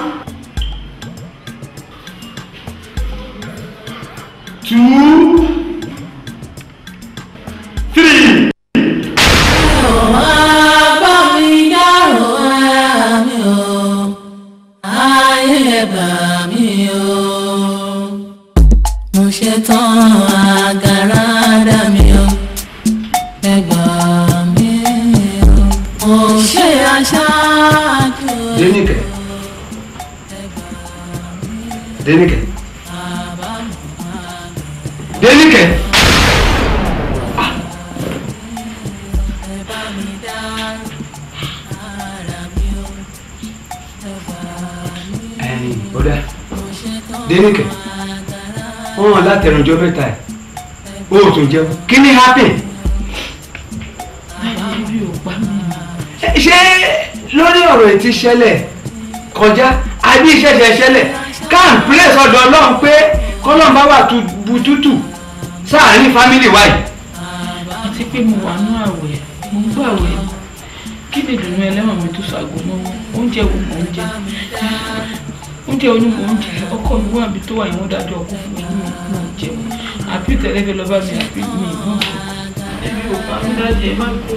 to mẹ́ta ẹ̀ o ò tún jẹun kí ni happen. ṣé lórí ọ̀rọ̀ ètí ṣẹlẹ̀ kọjá àbí ìṣẹ̀ṣẹ̀ ṣẹlẹ̀ can place ọ̀dọ̀ ọlọ́run pé kọ́lọ́n bá wà tútù sáàárín fámìlì wa yìí. àti pé mo wà nú àwẹ̀ mo ń gbọ́ àwẹ̀ kí ni ìdùnnú ẹlẹ́wọ̀n mi tó ṣàgó mọ́ oúnjẹ wo mò ń jẹ oúnjẹ onímọ̀ oúnjẹ ọkọ mi wà bí tó wà ìwọ̀n dájọ́ ọkọ fún mi nínú àbí kẹ̀lẹ́kẹ̀ lọ́ba mi àbí mi ìbọn ẹ̀mí ò bá mi dájú ẹ̀ má gbé.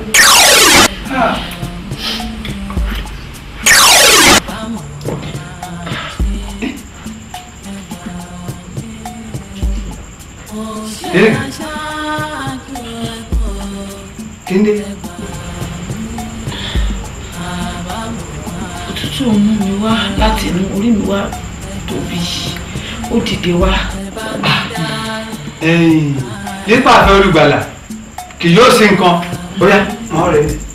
Kíndé. Òtútù mú mi wá láti inú orí mi wá tóbi, ó dìde wá nípa àfẹ́ olùgbàlà kì yóò sí nǹkan bóyá wọn rẹ̀ é.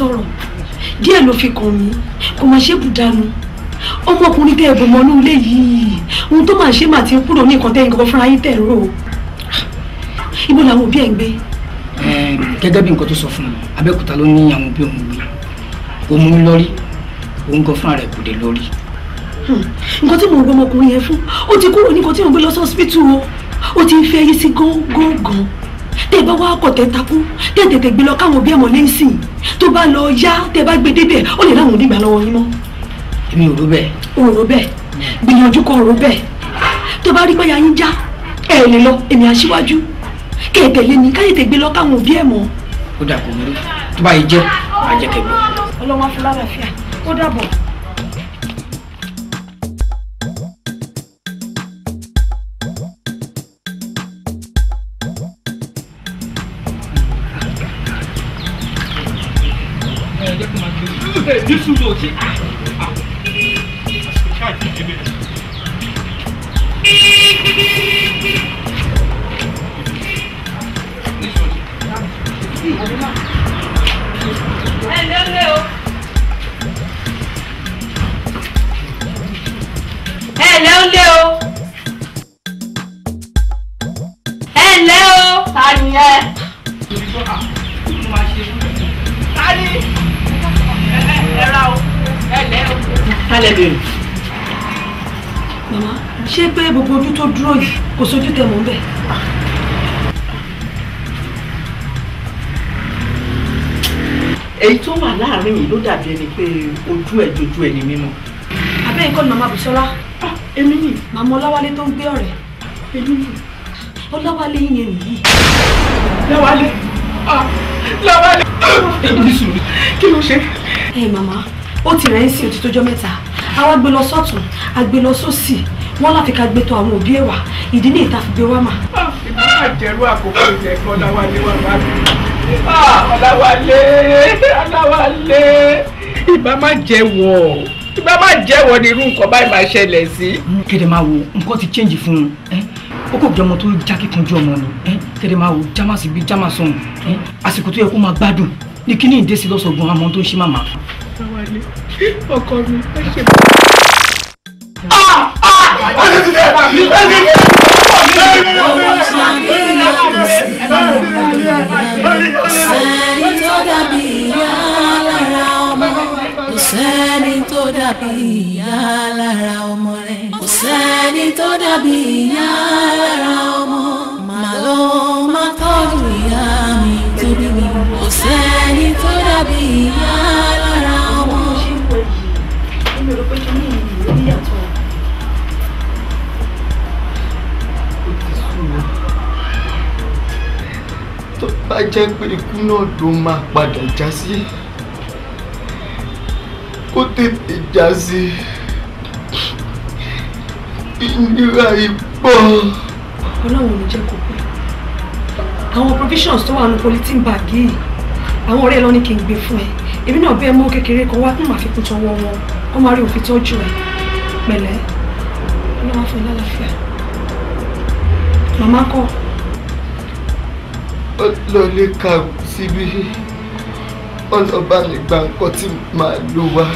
sọ̀rọ̀ díẹ̀ ló fi kàn mí kò máa ṣe bùdánu ọmọkùnrin tẹ ẹ̀bùn mọ́nú ilé yìí ohun tó máa ṣe máa ti kúrò ní nǹkan tẹ́yìn kankan fúnra yín tẹ̀ rò ibo làwọn òbí ẹ̀ ń gbé. gẹ́gẹ́ bí nǹkan tó sọ fún mi Abẹ́òkúta ló ní àwọn òbí òun gbé òun lórí òun gan fúnra rẹ̀ kò dé lórí. Hmm. nǹkan tí mò ń gbọ́ ọmọkùnrin yẹn fún ó ti kúrò ní nǹkan tí mò gbé lọ sí o ó tẹ́ bá wá kọ̀ tẹ́ takú tẹ́ tètè gbé lọ káwọn òbí ẹ̀mọ́ lẹ́yìn sí i tó bá lọ yá tẹ́ bá gbé débẹ̀ ó lè láwọn onígbà lọ́wọ́ yín mọ́. èmi ò rò bẹ́ẹ̀. ò rò bẹ́ẹ̀ gbìyànjú kan rò bẹ́ẹ̀ tó bá rí báyà yín já ẹ lè lọ èmi aṣíwájú kẹ́ ẹ tẹ̀lé mi ká gbé lọ káwọn òbí ẹ̀mọ́. ó dà kò mú tó bá yìí jẹ́ máa jẹ́ kẹ́ gbọ́. ọlọ́wọ́n ó dàbọ̀. Gucci. ọkùnrin yìí ló dàbí ẹni pé ojú ẹ̀ jojú ẹni mímọ́. abẹ́ nǹkan ni màmá Bùsọ́lá. Ah, èmi nì. màmá Ọláwálé tó ń gbé ọ̀rẹ́. èmi nì. Ọláwálé yẹn nìyí. Láwálé ah, Láwálé. èmi sùn kí ló ṣe. ẹ màmá ó ti rẹ̀ ń sin òtítọ́ ọjọ́ mẹ́ta àwa gbé lọ sọ́tún àgbé lọ sósì wọ́n láfi ká gbé tó àwọn òbí ẹ̀wà ìdí ní ìta fi gbé wá mà. ìbára ah, jẹ́rú àkókò ìjẹ́kọ́ láwálé wà bá aláwálé aláwálé ìbá má jẹ wọ ìbá má jẹ wọ ni irú nǹkan báyìí máa ṣẹlẹ̀ sí. kẹ̀dẹ̀ máa wo nǹkan ti change fún un ó kò jọmọ tó já kíkanjú ọmọ ni kẹ̀dẹ̀ máa wo jámàsì bíi jámàsì ọ̀hún àsìkò tó yẹ kó máa gbádùn ní kíní ìdésí lọ́sọ̀gbọ̀n àmọ́ tó ń ṣe màmá. aláwálé ọkọ mi ẹ ṣe. ah ah ọ̀sẹ̀ ti sẹ́ni tó dàbí ìyá lára ọmọ kò sẹ́ni tó dàbí ìyá lára ọmọ rẹ̀ kò sẹ́ni tó dàbí ìyá lára ọmọ màá lọ má tọ́jú ìyá bá jẹ́ pé ikú náà tó máa padà já sí kó tètè já sí ìnira ìpọ́. ọlọ́run ò ní jẹ́ kó pẹ́ àwọn provisions tó wà ní polythene bag yìí àwọn ọ̀rẹ́ ẹ lọ ní kí n gbé fún ẹ èmi náà bẹ́ẹ̀ mú kékeré kan wá fún àfikún tọwọ́ wọn wọ́n máa rí òfin tọ́jú ẹ pẹ̀lẹ́ ọlọ́run á fún ẹ lálàáfíà màmá kọ́ lọlé ka síbi ọlọ́ba mi gba nǹkan tí màá lò wá. Yeah.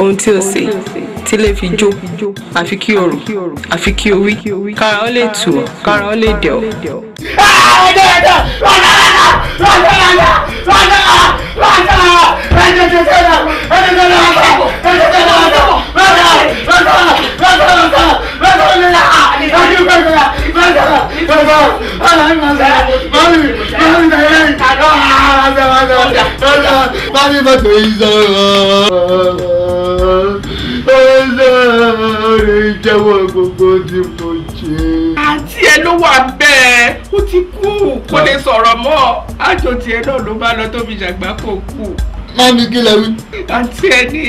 ohun tí o ṣe tí lè fi jó àfi kí o rò àfi kí o wí kára ó lè tù ọ́ kára ó lè dẹ̀ ọ́. Ah! Mami ma to yi sọ̀rọ̀. Ọlọ́run jẹ́wọ́ gbogbo tí mo ṣe. Àǹtí ẹ wà bẹ́ẹ̀, ó ti kú, kò lè sọ̀rọ̀ mọ́. Àjò tiẹ̀ náà ló bá lọ tóbi jàgbá kò kú. Mami kí lẹ wí. Àǹtí ẹ ní.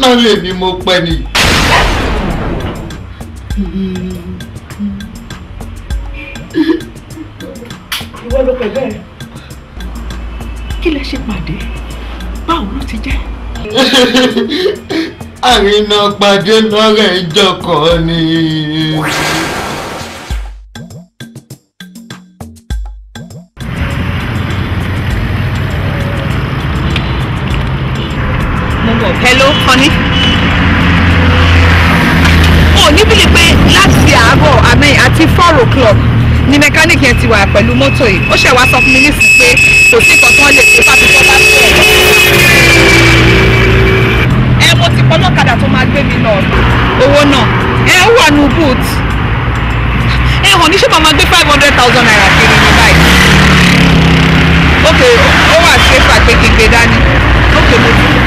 Náà mo pẹ́ ni ìwọ ló pẹ bẹ́ẹ̀ kí lẹ ṣe pàdé báwo ló ti jẹ́. àrínà pàdé lọ́rẹ̀ ìjọkọ̀ ni. mọ́tò yìí ó ṣẹ̀ wá sọ fún mi nísìnyí pé kò sí nǹkan tí wọ́n lè ṣe fáfi tó bá tó ọ̀rọ̀ ẹ mo ti pọ́n lọ́kadà tó máa gbé mi lọ owó náà ẹ ó wà nù boot ẹ hàn ní ṣé màmá gbé five hundred thousand naira kiri ní báyìí ok ó wà ṣe pàtẹ́kì gbé dání ok mo ti.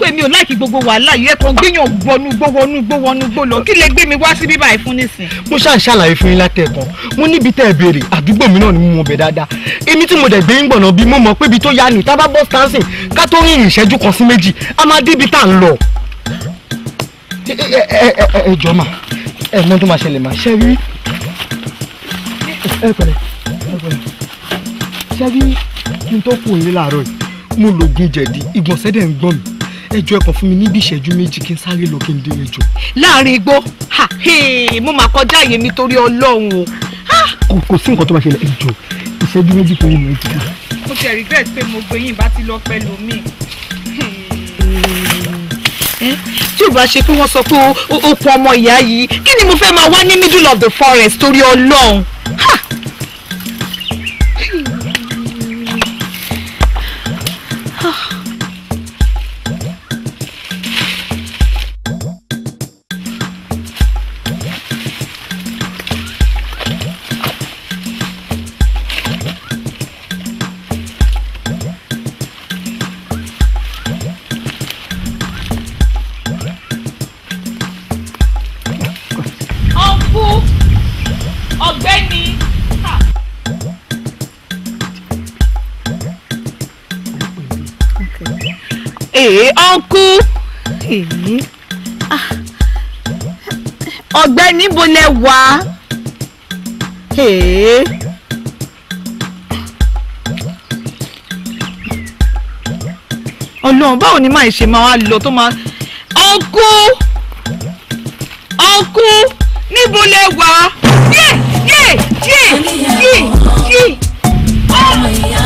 pé mi ò láìkí gbogbo wàhálà yìí ẹ kàn gbéyàn gbọnú gbówọnú gbówọnú gbó lọ kí lè gbé mi wá sí bíbá fún nísìn. mo ṣáà ṣàlàyé fún yín látẹ̀kàn mo níbi tẹ́ ẹ béèrè àdúgbò mi náà ni mo mọ̀ bẹ́ẹ̀ dáadáa èmi tí mo dẹ̀ gbé ń gbọ̀nà bí mo mọ̀ pé ibi tó yá ni tábà bọ́ stansin ká tó rìn ìṣẹ́jú kan sí méjì a máa débi tá à ń lọ. ẹ ẹ ẹ ẹ mo lògùn jẹ̀dí ìgbọ̀nsẹ̀ dẹ̀ ń gbọ́n mi ẹjọ́ ẹ̀kan fún mi níbi ìṣẹ́jú méjì kí n sáré lọ kí n dé ẹjọ́. láàrin igbó mo máa kọjá àyè mi torí ọlọ́run o. kò sí nǹkan tó máa ṣẹlẹ̀ ẹjọ́ ìṣẹ́jú méjì péré ni ẹjọ́. mo ṣe regret pé mo gbé bá ti lọ pẹ́ lómi. Eh, tí ò bá ṣe pé wọ́n sọ pé ó kú ọmọ ìyá yìí kí ni mo fẹ́ máa wá ní middle of the forest torí ọlọ́run. ọ̀gbẹ́ni bo lẹ wá. ọlọ́run báwo ni máa ṣe máa wá lọ tó máa. ọkú ọkú níbo lẹ wá. yé yé yé yé yé.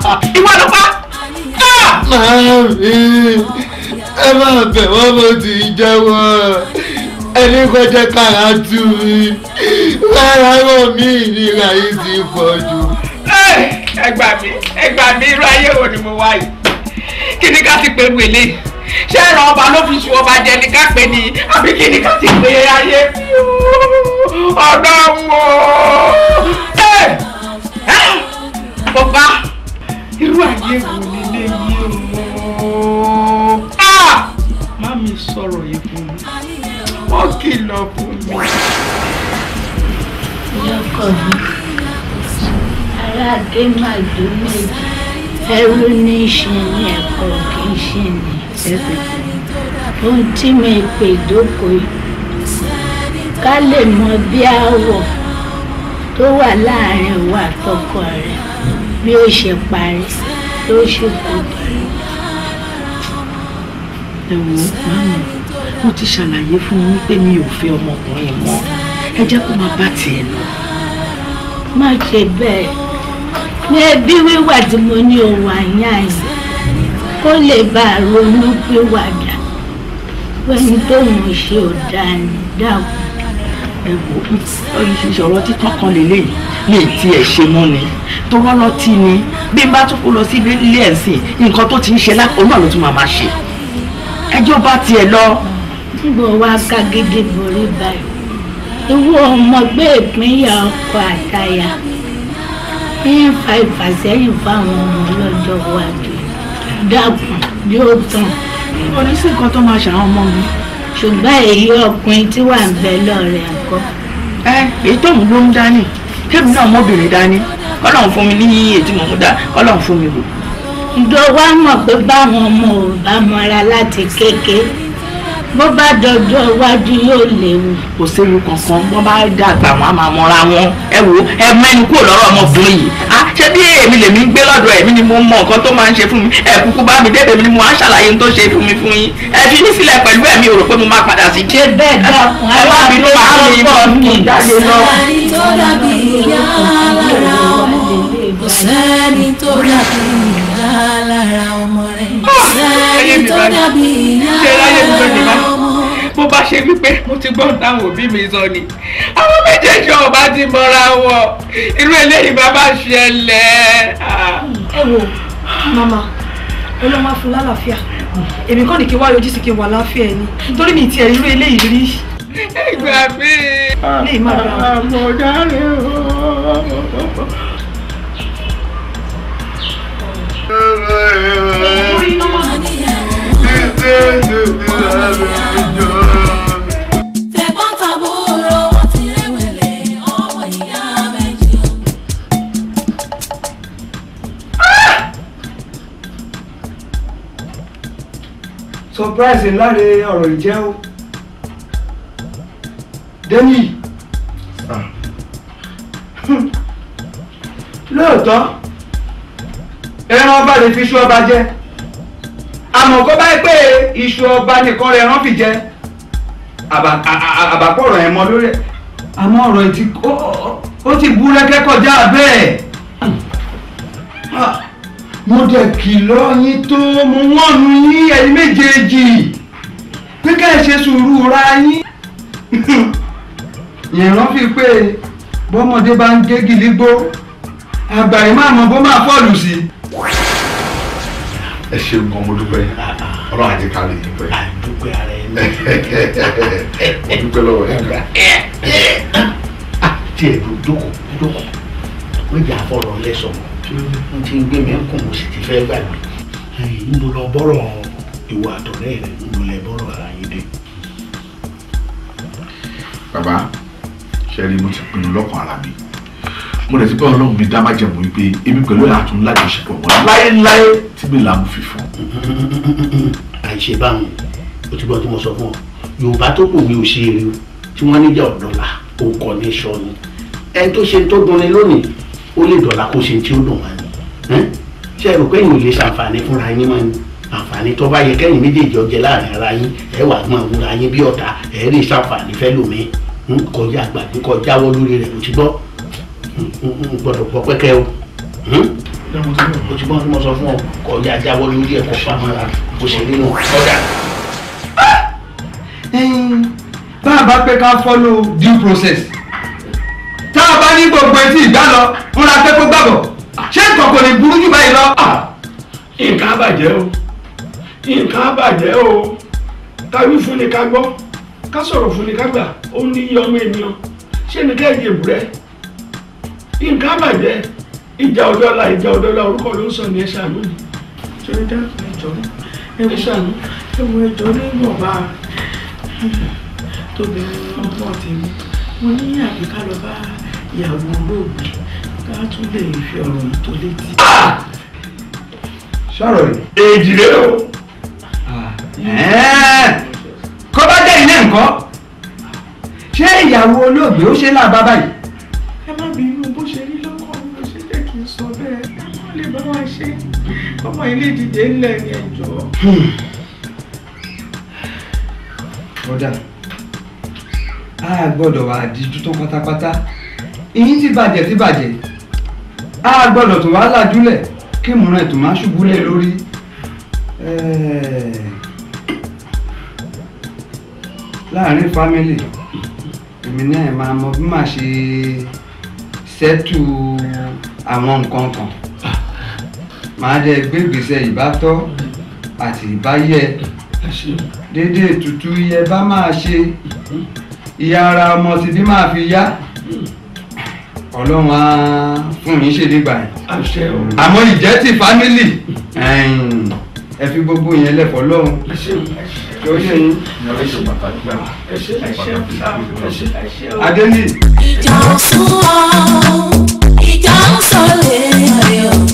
ìwọ ló pa. màámi ẹ máa bẹ̀ wọ́n mo ti jẹ́wọ́ ẹni kọjá kára tú mi lára rọ̀ mí ìnira yìí ti pọ̀ jù. ẹ gbà mí ẹ gbà mí irú ayé wo ni mo wá yìí kí ni ká ti pè wèlé ṣé ẹ̀rọ ọba ló fi ṣùn ọba jẹ ní ká pè ní àbí kí ni ká ti pè ayé ọ̀dọ́ wo. bàbá irú ayé wo nílé yìí o ah! má mi sọ̀rọ̀ yìí fún mi wọ́n kìlọ̀ fún mi. ìyá ọkọ mi ará adé máa dé méjì ẹrú ní í ṣe ní ẹ̀kọ́ kì í ṣe ní ẹ̀kọ́ ohun tí mi pè dóko ká lè mọ bí àwọ̀ tó wà láàrin wa àtọkọ rẹ̀ bí ó ṣe parí ló ṣe kó parí. ẹ wo màmá mo ti ṣàlàyé fún yín pé mi ò fẹ́ ọmọkùnrin mọ́ ẹ jẹ́ kó máa bá tiẹ̀ lọ. má ṣe bẹ́ẹ̀ ní ẹbí wíwà tí mo ní òun àyà yìí kó lè bá a ronú pìwàdà wẹ́ni tó ń ṣe ọ̀dà dáàbò. ẹ wo ìṣòro títọ́ kan lélẹ́yìí lè tiẹ̀ ṣe mọ́ ni tó rọ́lọ́ tì ní bí n bá tún kó lọ sí ilé ẹ̀sìn nǹkan tó ti ń ṣe lápò náà ló tún máa máa ṣe ẹjọ́ bá tiẹ̀ lọ. níbo wá kágídé borí báyìí ìwọ ọmọ gbé ìpínyà ọkọ àtàyà ń fa ìfàsẹ́yìn fáwọn ọmọ lọ́jọ́ wájú dàkún yóò tàn. níbo ni sí nǹkan tó máa ṣàwọn ọmọ mi. ṣùgbọ́n èyí ọkùnrin tí wà ń bẹ lọ́ọ̀rẹ́ ẹ̀kọ́. ẹ èyí tó ń dání kébì náà mọ́bìnrin dání kọ́lọ̀ ń fún mi ní ètí mò dá kọ́lọ̀ fún mi wò. ǹjọ́ wá mọ̀ pé báwọn ọmọ ò bá mọra láti kéke bó bá dọjọ́ iwájú yóò léwu. kò séwu kankan wọ́n bá dàgbà wọn a máa mọra wọn ẹ wo ẹ mẹ́nu kúrò lọ́rọ̀ ọmọbìnrin yìí á ṣé bí èmi lèmi ń gbé lọ́dọ̀ èmi ni mo mọ nǹkan tó máa ń ṣe fún mi ẹ kúkú bá mi débẹ̀ mi ni mo á ṣàlàyé ohun tó ṣe fún mi fún yín ẹ fi mí sílẹ̀ pẹ̀lú ẹ̀mí o rò pé mo máa padà sí. ṣé bẹ́ẹ̀ dá ẹ wá mi ló máa ń lè mọ́ mi dáre lọ kò sẹ́ni tó dàbí ìyá lára ọmọ rẹ̀ ah, kò sẹ́ni tó dàbí ìyá lára ọmọ bó bá ṣe wípé mo ti gbọ́ táwọn òbí mi sọ ni àwọn méjèèjì ọba ti mọra wọn irú eléyìí máa ṣẹlẹ̀. Ah. ẹ wo màmá olóńgbà fún lálàáfíà èmi kọ́ ni kí n wá yọjú sí kí n wà láàfíà ẹni torí mi ti ẹ̀ irú eléyìí rí. ìgbà mi. lè má ra ọmọ dáre o. surprise ńlá re ọ̀rọ̀ yìí jẹ́ o. Dẹ́yìn. Ah. Lóòótọ́ ẹran ọba lè fi iṣu ọba jẹ àmọ́ kó báyìí pé iṣu ọba nìkan rẹ ẹran fi jẹ àbápọ̀rọ̀ ẹ̀ mọ lórí ẹ̀ àmọ́ ọ̀rọ̀ ẹ̀ ti ó ti bú rẹ́kẹ́ kọjá bẹ́ẹ̀ ah, mo dẹ̀ kìlọ̀ yín tó mo wọ́n nu yín ẹ̀yin méjèèjì pé ká ẹ ṣe sùúrù ra yín ìran fi pé bọ́mọdé bá ń gé gìlígbó àgbà yìí máa mọ bó máa fọ́ọ̀lù sí ẹ ṣe nǹkan mo dúpẹ́ ọlọ́run àti kálí dúpẹ́. àdúpẹ́ ara ẹ mo dúpẹ́ lọ́wọ́ ẹ gbà. Ah, tí ẹ dùn dúkù dúkù méjì àfọ̀rọ̀ lẹ́sọ̀ n ti gbé mi ń kùn mo sì ti fẹ́ gbàgbé. n bò lọ bọ́rọ̀ ìwà àtọ̀rẹ́ rẹ̀ n bò lẹ bọ́rọ̀ ara yín dé. bàbá ṣe rí mo ti pinnu lọ́kàn ara mi mo lè fi bá ọlọ́run mi dá májẹ̀mú wípé èmi pẹ̀lú àtún lájọṣepọ̀ mọ́ láéláé tí mi là ń fi fún. àìṣe báwọn o ti gbọ́ tí mo sọ fún ọ yorùbá tó kù bí o ṣe rí o tí wọ́n níjà ọ̀dọ́là o kọ ní sọnù ẹni tó ṣe tó dunni lónìí ó lè dọ̀là kó ṣe tí ó dùn wá ni ṣe é rò pé èyàn ò lè ṣàǹfààní fúnra yín mọ́ ni àǹfààní tó bá yẹ kẹ́yìn méjèèjì ọjẹ́ láàrin ara yín ẹ wà mọ́ àwòrán yín bí ọ̀tá ẹ lè ṣàǹfààní fẹ́ lómi hm, kọjá àgbàdo kọjá lórí rẹ̀ kò ti gbọ́ o gbọ́dọ̀ gbọ́ pẹ́kẹ́ o hmm? o ti bọ́ tí mo sọ fún ọ kọ ya jáwọ́ lórí ẹ̀kọ́ pamọ́ra o sì rí wọn ọ̀dà. tá a bá pé ká follow due process tá a bá ní gbogbo etí ìgbà lọ múra pé kó gbàgbọ́ ṣé nǹkan kò ní burú jù báyìí lọ. Ah! nǹkan á bàjẹ́ o nǹkan á bàjẹ́ o ká wí fún ni ká gbọ́ ká sọ̀rọ̀ fún ni ká gbà ó ní iye ènìyàn ṣé ni ká ẹ̀yẹ nǹkan bàjẹ́ ìjà ọ̀dọ́là ìjà ọ̀dọ́là orúkọ ló ń sọ ní ẹ̀ṣà lónìí torí dákun ẹ̀jọ́ ẹ̀wọ̀n ẹ̀ṣà ló ẹ̀wọ̀n ẹ̀jọ́ nínú ọ̀bá tóbi ọmọ tèmi mo ní àbí lọ bá ìyàwó olóògbé ká tún lè fi ọ̀rọ̀ tó létí. sọ̀rọ̀ ah! èjì rẹ o. Ah, kó bá jẹ́ ilé nǹkan ṣé ìyàwó olóògbé ó ṣe láàbá báyìí ẹ má bínú bó ṣe rí lọ́kàn mi ló ṣe jẹ́ kí n sọ bẹ́ẹ̀ ẹ má lè bá wa ṣe ọmọ ilé ìdíje ńlẹ̀ ni ẹ̀jọ́. Hmm. ọ̀dà a gbọ́dọ̀ wà díjú tán pátápátá ìyín ti bàjẹ́ ti bàjẹ́ a gbọ́dọ̀ tó wá làjúlẹ̀ kí ìmúra ètò má ṣubú lé lórí. láàárín fámílì èmi náà máa mọ bí màá ṣe sẹ́tù àwọn nǹkan kan màá jẹ gbé ìgbésẹ̀ ìbátọ́ àti ìbáyẹ dédé ètùtù iye bá máa ṣe ìyá ara ọmọ ti bí máa fi yá ọlọ́run á fún yín ṣe nígbà yẹn àmọ́ ìjẹ́ ti fámílì ẹ fi gbogbo yẹn lẹ̀ fọlọ́run kí ó ṣe yín. adéníì ìjà ń sún ọ́ ìjà ń sọ̀rọ̀ èèyàn rẹ̀